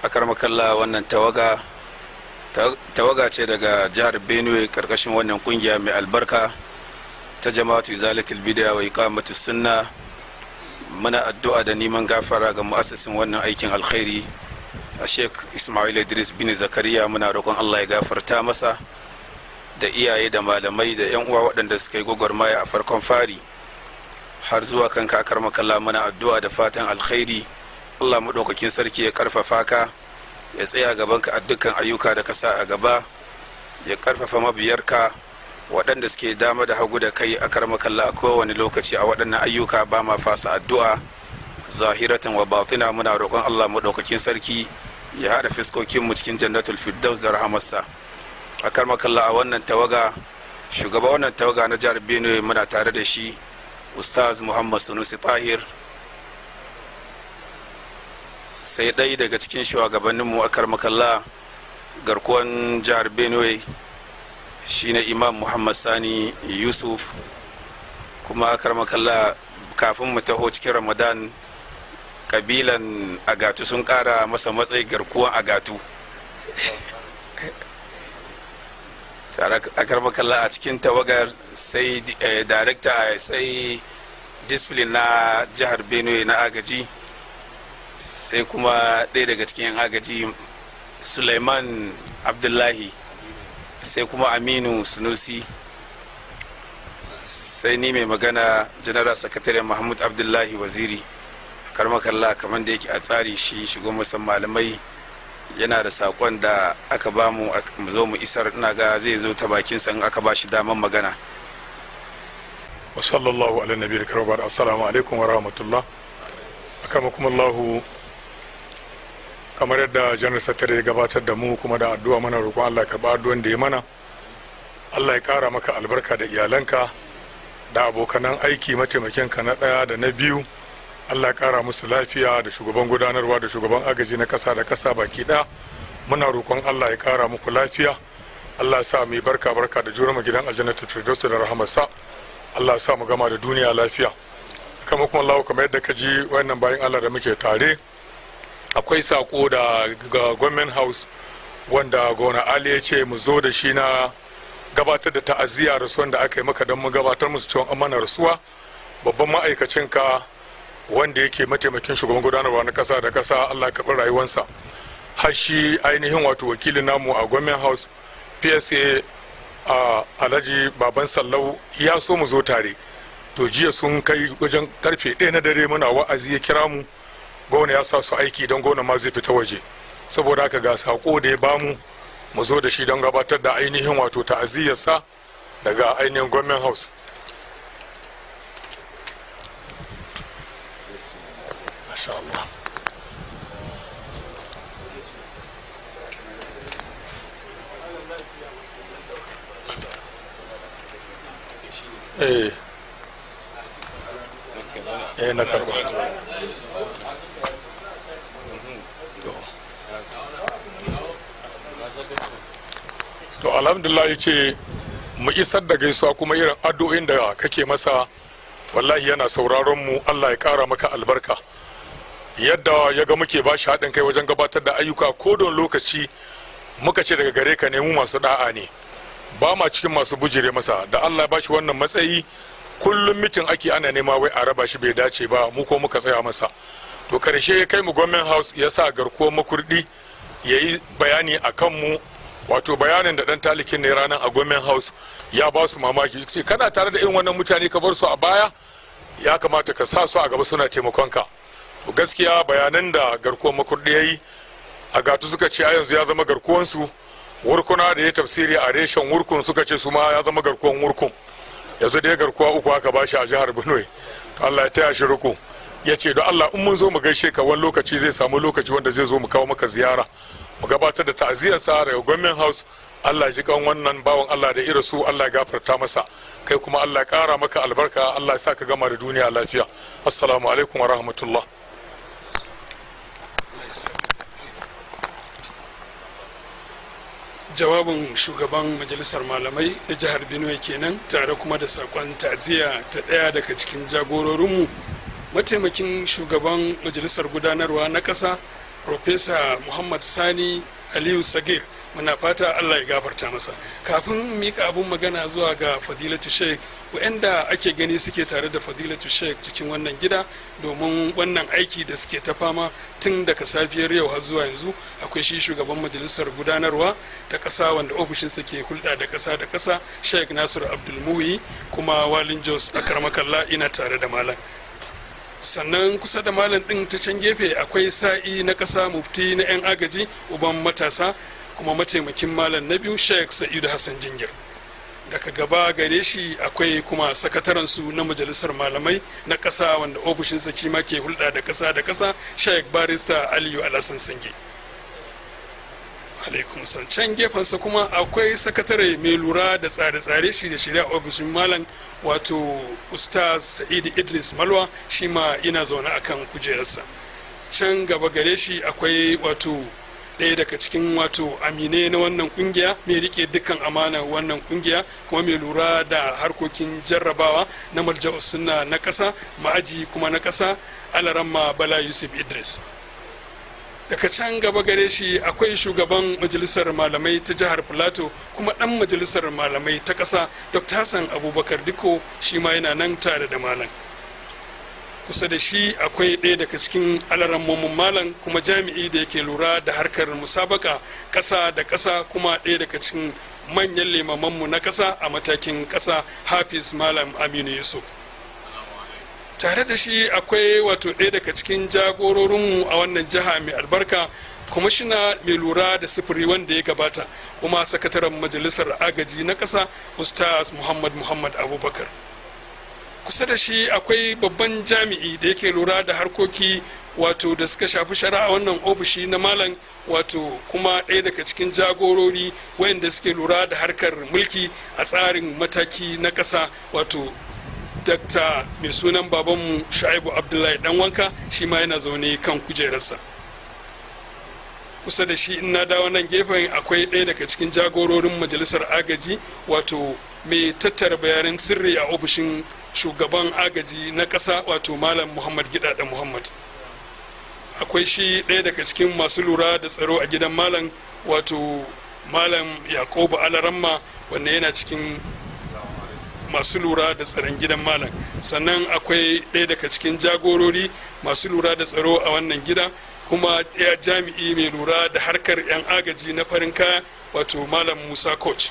akarmakalla wannan tawaga tawaga ce daga jihar Benue karkashin wannan kungiya mai albarka ta jama'atu izalatul bid'a wa iqamatu sunna muna addu'a da neman gafara ga mu'assasin wannan aikin alkhairi a sheik ismail idris bin zakariya muna roƙon allah ya gafarta masa da iyaye da malamai da yan uwa waɗanda suka yi gwagwarmaya a farkon fari har zuwa kan kakar makalla muna addu'a da fatan alkhairi allah maɗaukakin sarki ya karfafa ka ya tsaya gaban ka a dukkan ayyuka da ka sa a gaba ya karfafa ka waɗanda suke dama da hagu da kai a karmakalla a kowane lokaci a waɗannan ayyuka ba ma fasa addu'a zahiratan wa batina muna roƙon allah maɗaukakin sarki ya haɗa fiskokinmu cikin jannatul firdaus da rahamarsa a karmakalla a wannan tawaga shugaba wannan tawaga na jihar benue muna tare da shi ustaz muhammad sunusi tahir sai ɗaya daga cikin shugabanninmu a karmakalla garkuwan jihar benue shine imam muhammad sani yusuf kuma a karmakalla kafin mu taho cikin ramadan kabilan agatu sun kara masa matsayi garkuwan agatu akar makalla a cikin tawagar sai eh, darekta sai discipline na jihar benue na agaji sai kuma ɗaya daga cikin agaji suleiman abdullahi sai kuma aminu sunusi sai ni mai magana general sakatare mahmud abdullahi waziri karmakalla kamar da yake a tsari shi shigo masan malamai yana da sakon da aka ba mu zo mu isar ina ga zai zo ta bakinsa in aka ba shi daman magana wa sallallahu ala nabi da assalamu alaikum wa rahmatullah kuma allahu kamar yadda janar satare ya gabatar da mu kuma da addu'a mana roƙon allah karɓa addu'an da ya mana allah ya kara maka albarka da iyalanka da abokanan aiki mataimakin ka na ɗaya da na biyu allah kara musu lafiya da shugaban gudanarwa da shugaban agaji na kasa da kasa baki ɗaya muna roƙon allah ya kara muku lafiya allah sa mu barka barka da juna mu gidan ta firdaus da rahamarsa allah sa mu gama da duniya lafiya kama kuma Allah kamar yadda ka ji wannan bayan allah da muke tare akwai sako da ga gwamnan house wanda gona ali ya ce mu zo da shi na gabatar da ta'aziyya rasuwan da aka yi maka don mu gabatar musu cewa amana rasuwa babban ma'aikacin ka wanda yake mataimakin shugaban gudanarwa na kasa da kasa allah karɓi rayuwansa har shi ainihin wato wakilin namu a gwamnan house psa a alhaji baban sallau ya so mu zo tare to jiya sun kai wajen karfe ɗaya na dare muna wa'azi ya kira mu gona ya sa su aiki don gona ma zai fita waje saboda haka ga sako da ya bamu mu zo da shi don gabatar da ainihin wato ta'aziyarsa daga ainihin gwamnan house Masha Allah eh eh na karba to alhamdulillah ya ce mu isar da gaisuwa kuma irin addu'o'in da kake masa wallahi yana sauraron mu Allah ya kara maka albarka yadda ya ga muke bashi haɗin kai wajen gabatar da ayyuka ko don lokaci muka ce daga gare ka nemi masu da'a ne ba ma cikin masu bujire masa da allah ya bashi wannan matsayi kullum mitin ake ana nema wai a raba shi bai dace ba mu ko muka tsaya masa to karshe ya kai mu gwamnan house ya sa garkuwar makurdi ya yi bayani a kanmu wato bayanin da dan talikin ne ranar a gwamnan house ya ba su mamaki kana tare da irin wannan mutane ka bar su a baya ya kamata ka sa su a gaba suna taimakon ka gaskiya bayanan da garkuwar makurdi ya yi a gatu suka ce a yanzu ya zama garkuwansu wurkuna da ya tafsiri a reshen wurkun suka ce su ma ya zama garkuwan wurkun yanzu da ya garkuwa uku aka bashi a jihar benue allah ya taya shi riko ya ce don allah in mun zo mu gaishe ka wani lokaci zai samu lokaci wanda zai zo mu kawo maka ziyara mu gabatar da sa daga gwamnan house allah ji kan wannan bawan allah da irasu allah ya gafarta masa kai kuma allah ya kara maka albarka allah ya sa ka gama da duniya lafiya assalamu alaikum wa rahmatullah jawabin shugaban majalisar malamai na jihar benue kenan tare kuma da sakon taziya ta ɗaya daga cikin jagororinmu mataimakin shugaban majalisar gudanarwa na ƙasa profesa muhammad sani aliyu sagir muna fata allah ya gafarta masa kafin mika abun magana zuwa ga fadilatu sheikh waɗanda ake gani suke tare da fadilatu sheikh cikin wannan gida domin wannan aiki da suke ta fama tun daga safiyar yau har zuwa yanzu akwai shi shugaban majalisar gudanarwa ta ƙasa wanda ofishinsa ke hulɗa da ƙasa da ƙasa sheikh nasiru abdulmuhi kuma walin jos karmakalla ina tare da malam sannan kusa da malam ɗin ta can gefe akwai sa'i na ƙasa mufti na 'yan agaji uban matasa kuma mataimakin malam na biyu sheikh sa'idu hassan jingir daga gaba gare shi akwai kuma sakataransu na majalisar malamai na ƙasa wanda ofishinsa kima ke hulɗa da ƙasa da kasa shaik barista aliyu alasan sange alaikum san can gefensa kuma akwai sakatare mai lura da tsare-tsare shi da shirya ofishin malam wato ustaz sa'id idris malwa shi ma ina zaune akan kujerarsa can gaba gare shi akwai wato ɗaya daga cikin wato amine na wannan kungiya mai rike dukkan amanar wannan kungiya kuma mai lura da harkokin jarrabawa na marja'u sunna na ƙasa ma'aji kuma na ƙasa alaramma bala yusuf idris daga can gaba gare shi akwai shugaban majalisar malamai ta jihar plateau kuma dan majalisar malamai ta ƙasa dr hassan abubakar diko shi ma yana nan tare da malam kusa da shi akwai ɗaya daga cikin alaran mamman malam kuma jami'i da yake lura da harkar musabaka ƙasa da ƙasa kuma ɗaya daga cikin manyan limamanmu na ƙasa a matakin ƙasa hafiz malam aminu yusuf tare da shi akwai wato ɗaya daga cikin jagororinmu a wannan jiha mai albarka kwamishina mai lura da sufuri wanda ya gabata kuma sakataren majalisar agaji na ƙasa ustaz muhammad muhammad abubakar kusa da shi akwai babban jami'i da yake lura da harkoki wato da suka shafi shari'a wannan ofishi na malam wato kuma ɗaya daga cikin jagorori wayanda suke lura da harkar mulki a tsarin mataki na ƙasa wato dakta mai sunan babanmu sha'ibu abdullahi dan wanka shi ma yana zaune kan kujerarsa kusa da shi in na dawo nan gefen akwai ɗaya daga cikin jagororin majalisar agaji wato mai tattara bayanan sirri a ofishin shugaban agaji na ƙasa wato malam muhammad da muhammad akwai shi ɗaya daga cikin masu lura da tsaro a gidan malam wato malam yakubu alaramma wanda yana cikin masu lura da tsaron gidan malam sannan akwai ɗaya daga cikin jagorori masu lura da tsaro a wannan gida kuma ɗaya jami'i mai lura da harkar 'yan agaji na farin kaya wato malam musa coach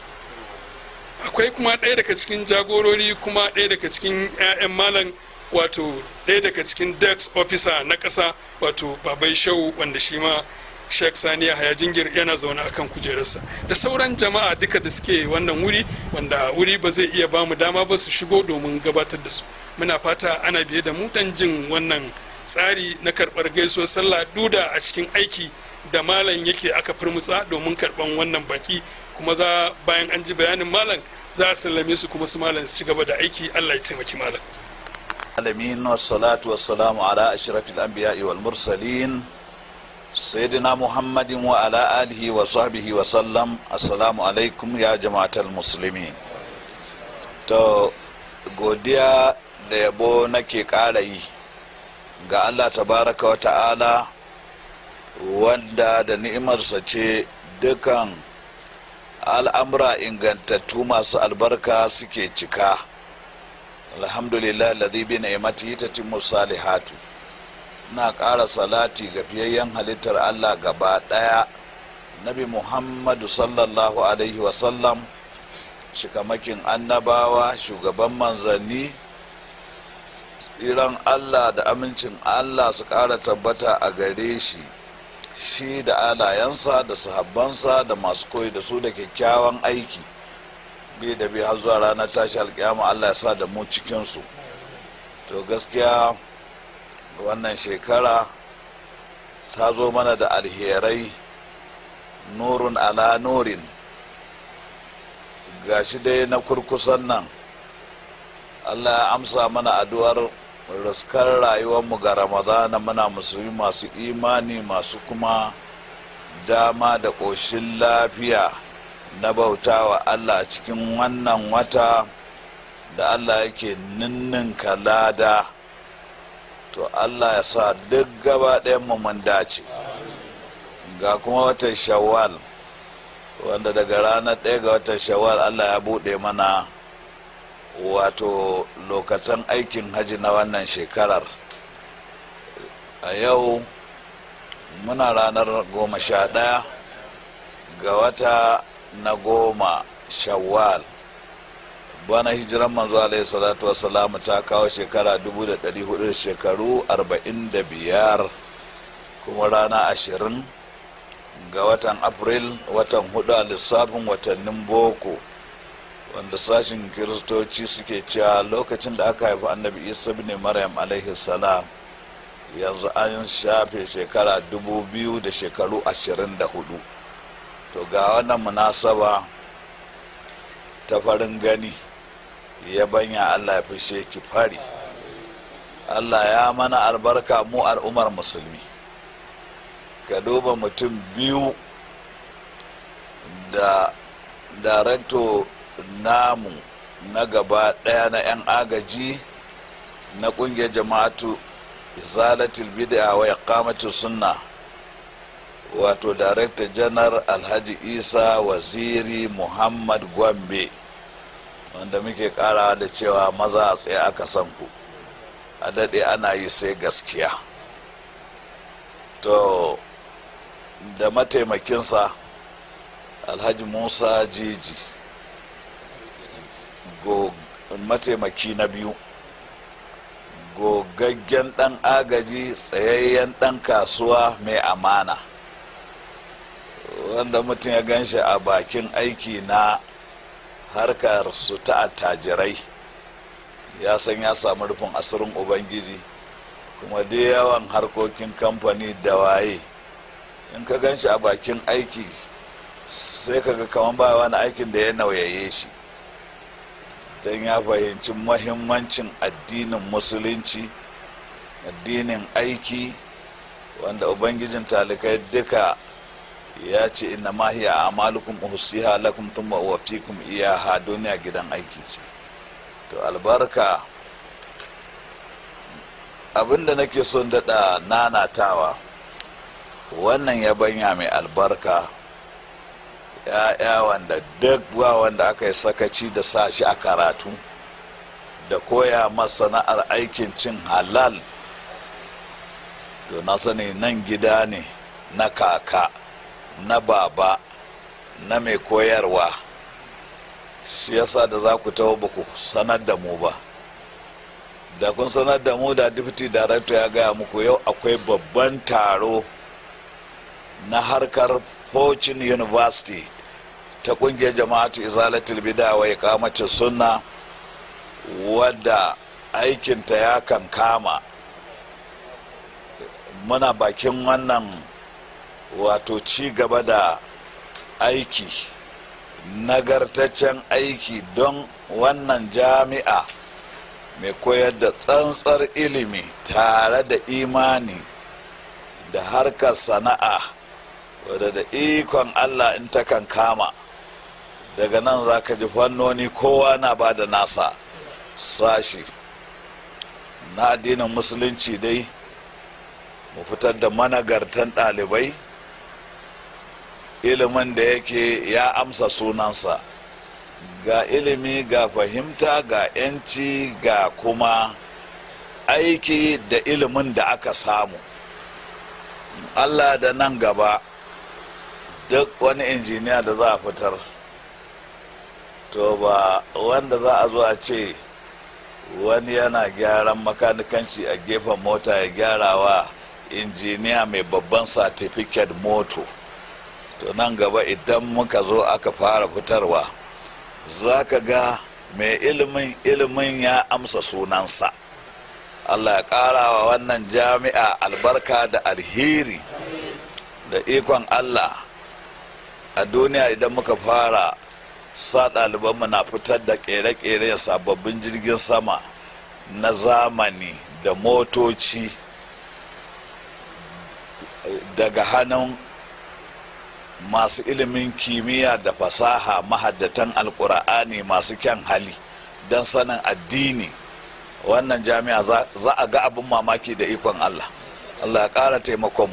akwai kuma ɗaya daga cikin jagorori kuma ɗaya daga cikin 'ya'yan malam wato ɗaya daga cikin dex officer na ƙasa wato babai shau wanda shi ma sheikh saniya hayajin jingir yana zaune akan kujerarsa da sauran jama'a duka da suke wannan wuri wanda wuri ba zai iya bamu dama ba su shigo domin gabatar da su muna fata ana biye da mu dan jin wannan tsari na karɓar gaisuwar sallah duda a cikin aiki da malam yake aka firmutsa domin karban wannan baki kuma za bayan an ji bayanin malam za a sallame su kuma su malam su ci gaba da aiki Allah ya taimaki malam alamin wa salamu ala ashrafil anbiya wal mursalin sayyidina muhammadin wa ala alihi wa sahbihi wa sallam assalamu alaikum ya jama'atal muslimin to godiya da yabo nake ƙara yi ga allah tabaraka wa ta'ala wanda da ni'imarsa ce dukan al'amura ingantattu masu albarka suke cika alhamdulillah ladhi bi ta tatimmu salihatu na ƙara salati ga fiyayyen halittar Allah gaba ɗaya nabi Muhammadu sallallahu alaihi wasallam shikamakin annabawa shugaban manzanni iran Allah da amincin Allah su ƙara tabbata a gare shi shi da alayensa da sahabbansa da masu koyi da su da kyakkyawan aiki bi da bi har zuwa ranar tashi alkiyama allah ya sa da mu cikinsu to gaskiya wannan shekara ta zo mana da alherai nurun ala nurin gashi dai na kurkusan nan allah ya amsa mana addu'ar ruskar mu ga ramadana muna musulmi masu imani masu kuma dama da ƙoshin lafiya na bautawa allah cikin wannan wata da allah yake ninninka lada to allah ya sa duk gaba mu mun dace ga kuma watan shawwal wanda daga ranar ɗaya ga watan shawwal allah ya buɗe mana wato lokacin aikin haji na wannan shekarar a yau muna ranar goma sha ɗaya ga wata na goma shawwal bana hijiran manzo alaihi salatu wasalamu ta kawo shekara 1400 shekaru biyar kuma rana ashirin ga watan afril watan hudu a lissafin watannin boko wanda sashen kiristoci suke cewa lokacin da aka haifi annabi isa bin maryam alaihi salam yanzu an shafe shekara dubu biyu da shekaru ashirin da hudu to ga wannan munasaba ta farin gani ya banya allah ya fushe ki fari allah ya mana albarka mu al'ummar musulmi ka duba mutum biyu da director namu na gaba ɗaya na 'yan agaji na ƙungiyar jama'atu izalatul bid'a wa iqamatus sunna wato director janar alhaji isa waziri muhammad gwambe wanda muke karawa da cewa maza a tsaye aka san ku a daɗe ana yi sai gaskiya to da mataimakinsa alhaji musa jiji mataimaki na biyu gogaggen ɗan agaji tsayayyen ɗan kasuwa mai amana wanda mutum ya gan shi a bakin aiki na harkar su ta attajirai ya san ya samu rufin asirin ubangiji kuma da yawan harkokin kamfani da waye in ka gan shi a bakin aiki sai ka ga kamar ba wani aikin da ya nauyaye shi don ya fahimci mahimmancin addinin musulunci addinin aiki wanda ubangijin talikai duka ya ce ina mahiya a malukun uhusiha lakum tun wafikum iyaha duniya gidan aiki ce to albarka abinda nake son daɗa nanatawa wannan yabanya mai albarka ya'ya wanda duk ba wanda aka yi sakaci da sa shi a karatu da koya masana'ar aikin cin halal to na sani nan gida ne na kaka na baba na mai koyarwa shi yasa da za ku taho ba ku sanar da mu ba da kun sanar da mu da deputy director ya gaya muku yau akwai babban taro na harkar Fortune University ta kungiyar jama'atu izalatul bida wa iqamati sunna wadda aikinta ya kan kama muna bakin wannan wato ci gaba da aiki nagartaccen aiki don wannan jami'a mai koyar da tsantsar ilimi tare da imani da harkar sana'a wadda da ikon allah in ta kan kama daga nan za ka ji fannoni kowa na ba da nasa sashi na addinin musulunci dai mu fitar da managartan ɗalibai ilimin da yake ya amsa sunansa ga ilimi ga fahimta ga 'yanci ga kuma aiki da ilimin da aka samu allah da nan gaba duk wani injiniya da za a fitar to ba wanda za a zo a ce wani yana gyaran makanikanci a gefen mota ya gyara wa injiniya mai babban satifiket moto to nan gaba idan muka zo aka fara fitarwa za ka ga mai ilimin ilimin ya amsa sunansa allah ya ƙara wa wannan jami'a albarka da alheri da ikon allah a duniya idan muka fara sa ɗalibanmu na fitar da ƙere-ƙere sababbin jirgin sama na zamani da motoci daga hannun masu ilimin kimiyya da fasaha mahaddatan alkur'ani masu kyan hali don sanin addini wannan jami'a za a ga abin mamaki da ikon allah allah ya ƙara taimakon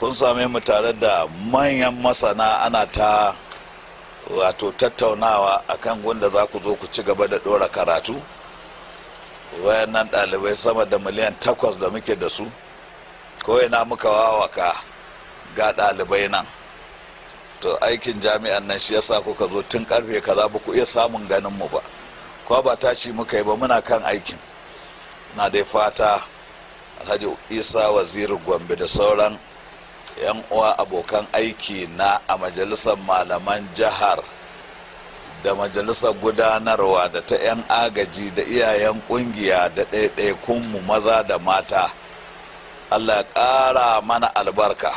kun same mu tare da manyan masana ana ta wato tattaunawa akan gunda za ku zo ku ci gaba da ɗora karatu wayannan ɗalibai sama da miliyan takwas da muke da su ko ina muka wawaka ga ɗalibai nan to aikin jami'an nan shi yasa kuka zo tun karfe ka za ku iya samun ganin mu ba kwa ba tashi muka yi ba muna kan aikin na dai fata alhaji isa waziri gombe da sauran yan uwa abokan aiki na a majalisar malaman jihar da majalisar gudanarwa da ta 'yan agaji da iyayen kungiya da ɗaiɗaikunmu maza da mata allah ƙara mana albarka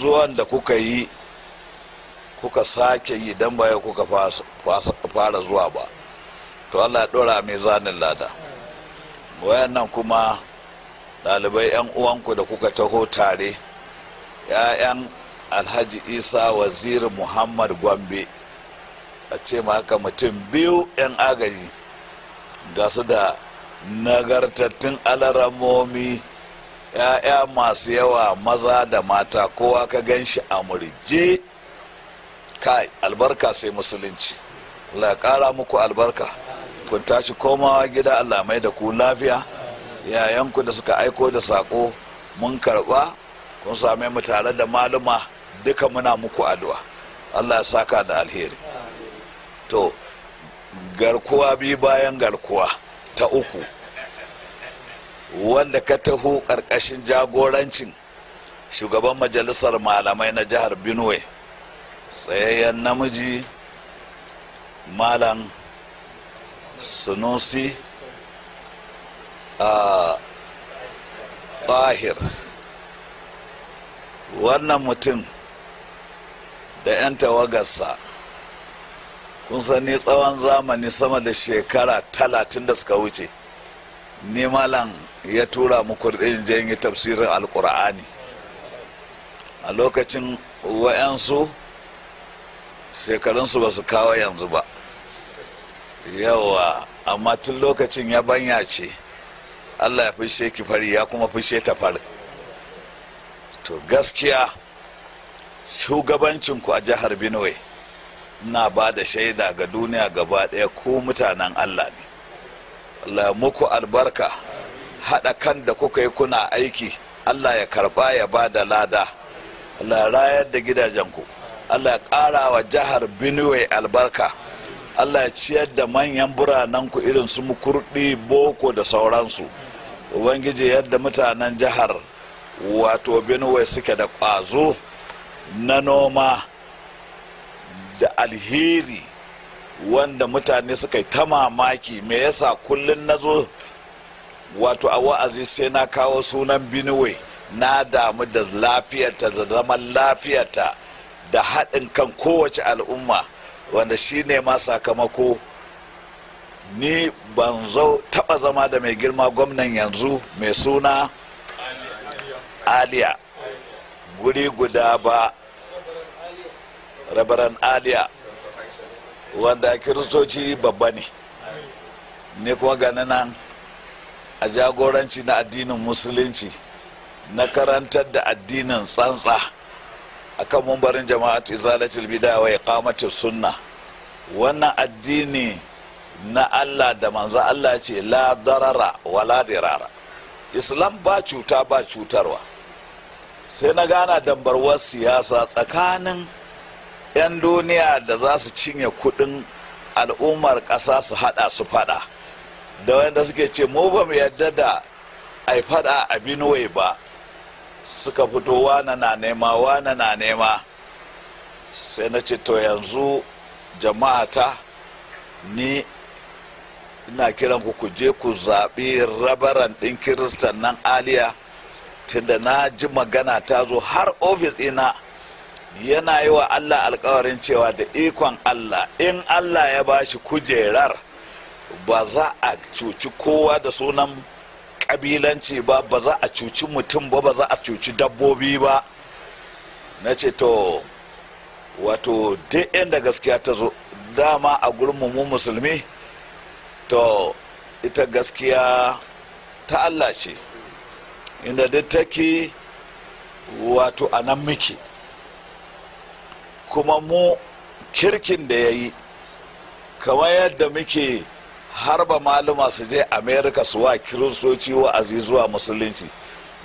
zuwan da kuka yi kuka sake yi don baya kuka fara zuwa ba to allah ɗora mai zanin lada wayannan kuma ɗalibai 'yan uwanku da kuka taho tare 'ya'yan alhaji isa waziri muhammad gombe a ce ma haka mutum biyu 'yan agaji ga su da nagartattun alaramomi 'ya'ya masu yawa maza da mata kowa ka gan shi a murje kai albarka sai musulunci la kara muku albarka kun tashi komawa gida alamai da ku lafiya yayanku da suka aiko da sako mun karba kun same mu tare da maluma duka muna muku addu'a allah ya saka da alheri to garkuwa bi bayan garkuwa ta uku wanda ka taho ƙarƙashin jagorancin shugaban majalisar malamai na jihar benue tsayayyen namiji malam sunusi a uh, bahir wannan mutum da 'yan tawagarsa kun sani tsawon zamani sama da shekara talatin da suka wuce ni malam ya tura mu kurdin jan yi tafsirin alkur'ani a lokacin wa'yansu shekarunsu ba su kawo yanzu ba yawa amma tun lokacin ya banya ce allah ya fishe ki fari ya kuma fishe ta fari to gaskiya shugabancinku a jihar benue na ba da shaida ga duniya gaba ɗaya ko mutanen allah ne allah muku albarka haɗa kan da kuka yi kuna aiki allah ya karɓa ya ba da lada allah rayar da gidajenku allah ya ƙara wa jihar benue albarka allah ya ciyar da manyan biranen ku irin su mukurɗi boko da sauransu ubangiji yadda mutanen jihar wato benue suke da ƙwazo na noma da alheri wanda mutane suka yi ta mamaki me yasa kullum na zo wato a wa'azi sai na kawo sunan benue na damu da lafiyarta da zaman lafiyarta da haɗin kan kowace al'umma wanda shi ne ma sakamako ni ban zo taɓa zama da mai girma gwamnan yanzu mai suna aliya guri guda ba rabaran aliya wanda kiristoci babba ne ne kuma gani nan a jagoranci na addinin musulunci na karantar da addinin tsantsa a kan mumbarin ta izalatul bida wa iqamatus sunna wannan addini na Allah da manzo Allah ce la darara wa la dirara islam ba cuta ba cutarwa sai na gana dambarwar siyasa tsakanin 'yan duniya da za su cinye kudin al'ummar ƙasa su hada su fada da wanda suke ce mu ba mu yadda da ai fada a binuwe ba suka fito wane na nema wane na nema sai na ce to yanzu jama'ata ni ina kiran ku ku je ku zaɓi rabaran ɗin kiristan nan aliya da na ji magana ta zo har ofis ina yana yi wa allah alkawarin cewa da ikon allah in allah ya ba shi kujerar ba za a cuci kowa da sunan kabilanci ba ba za a cuci mutum ba ba za a cuci dabbobi ba na ce to wato duk inda gaskiya ta zo dama a gurin mu musulmi to ita gaskiya ta allah ce inda duk take wato a nan muke kuma mu kirkin da ya yi kamar yadda muke harba maluma su je amerika su wa kiristoci wa'azi zuwa musulunci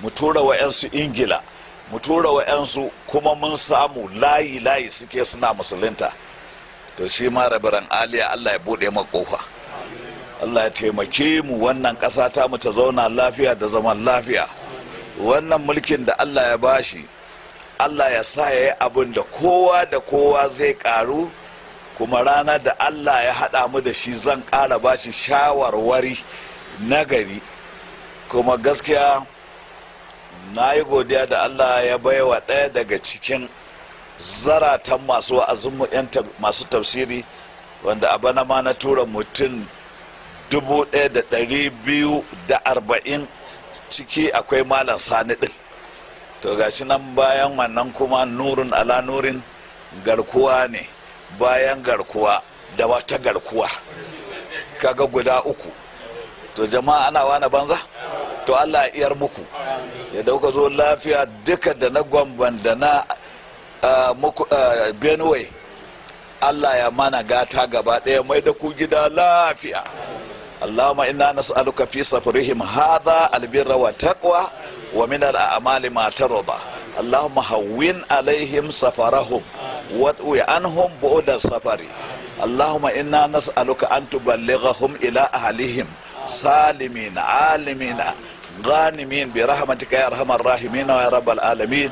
mu tura wa yansu ingila mu tura wa yansu kuma mun samu layi layi suke suna musulunta to shi ma rabiran aliya allah ya buɗe makofa allah ya taimake mu wannan ƙasa ta mu ta zauna lafiya da zaman lafiya wannan mulkin da allah ya bashi allah ya sa ya yi abin da kowa da kowa zai karu kuma rana da allah ya haɗa mu da shi zan ƙara bashi shawarwari nagari kuma gaskiya na yi godiya da allah ya baiwa ɗaya daga cikin zaratan masu wa'azinmu yan masu tafsiri wanda a bana ma na tura mutum dubu ɗaya da da arba'in ciki akwai malam sani din to gashi nan bayan wannan kuma nurin ala nurin garkuwa ne bayan garkuwa da wata garkuwa kaga guda uku to jama'a ana wani banza to allah iyar muku ya dauka zo lafiya duka da na gwamban da na benue allah ya mana gata gaba daya mai da ku gida lafiya اللهم إنا نسألك في سفرهم هذا البر والتقوى ومن الأعمال ما ترضى اللهم هون عليهم سفرهم واتوي عنهم بعد السفر اللهم إنا نسألك أن تبلغهم إلى أهلهم سالمين عالمين غانمين برحمتك يا أرحم الراحمين ويا رب العالمين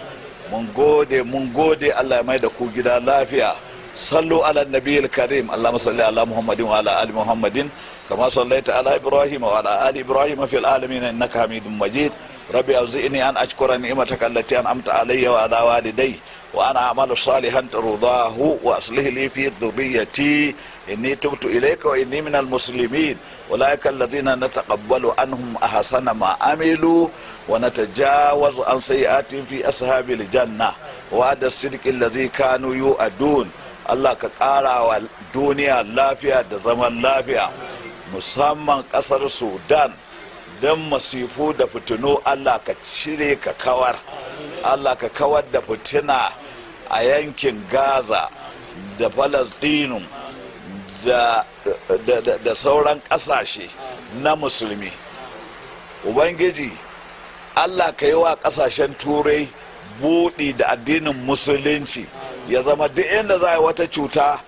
mun gode mun gode Allah ya mai da ku gida lafiya sallu ala nabiyil karim Allah salli ala muhammadin wa ala ali muhammadin كما صليت على إبراهيم وعلى آل إبراهيم في العالمين إنك حميد مجيد ربي أوزئني أن أشكر نعمتك التي أنعمت علي وعلى والدي وأنا أعمل صالحا ترضاه وأصلح لي في ذريتي إني تبت إليك وإني من المسلمين أولئك الذين نتقبل عنهم أحسن ما عملوا ونتجاوز عن سيئاتهم في أصحاب الجنة وهذا الصدق الذي كانوا يؤدون الله كقارا والدنيا لافيا زمن لافيا musamman kasar sudan don masifu da fitino allah ka cire ka kawar allah ka kawar da fitina a yankin gaza da palestinu da, sauran kasashe na musulmi ubangiji allah ka yi wa kasashen turai buɗi da addinin musulunci ya zama duk inda za a yi wata cuta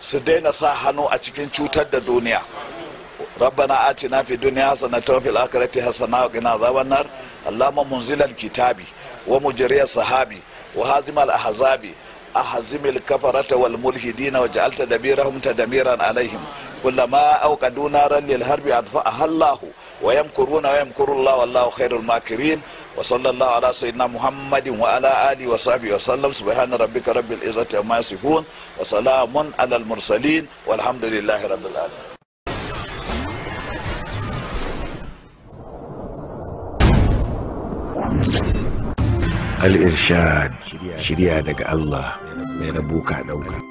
su daina sa hannu a cikin cutar da duniya ربنا آتنا في الدنيا حسنة وفي الآخرة حسنة وقنا عذاب النار اللهم منزل الكتاب ومجري الصحابي وهازم الأحزاب أحزم الكفرة والملحدين وجعل تدبيرهم تدميرا عليهم كلما أوقدوا نارا للهرب أطفأها الله ويمكرون ويمكر الله والله خير الماكرين وصلى الله على سيدنا محمد وعلى آله وصحبه وسلم سبحان ربك رب العزة عما يصفون وسلام على المرسلين والحمد لله رب العالمين Al-Irshad, shirya daga Allah mai rabu ka ɗauka.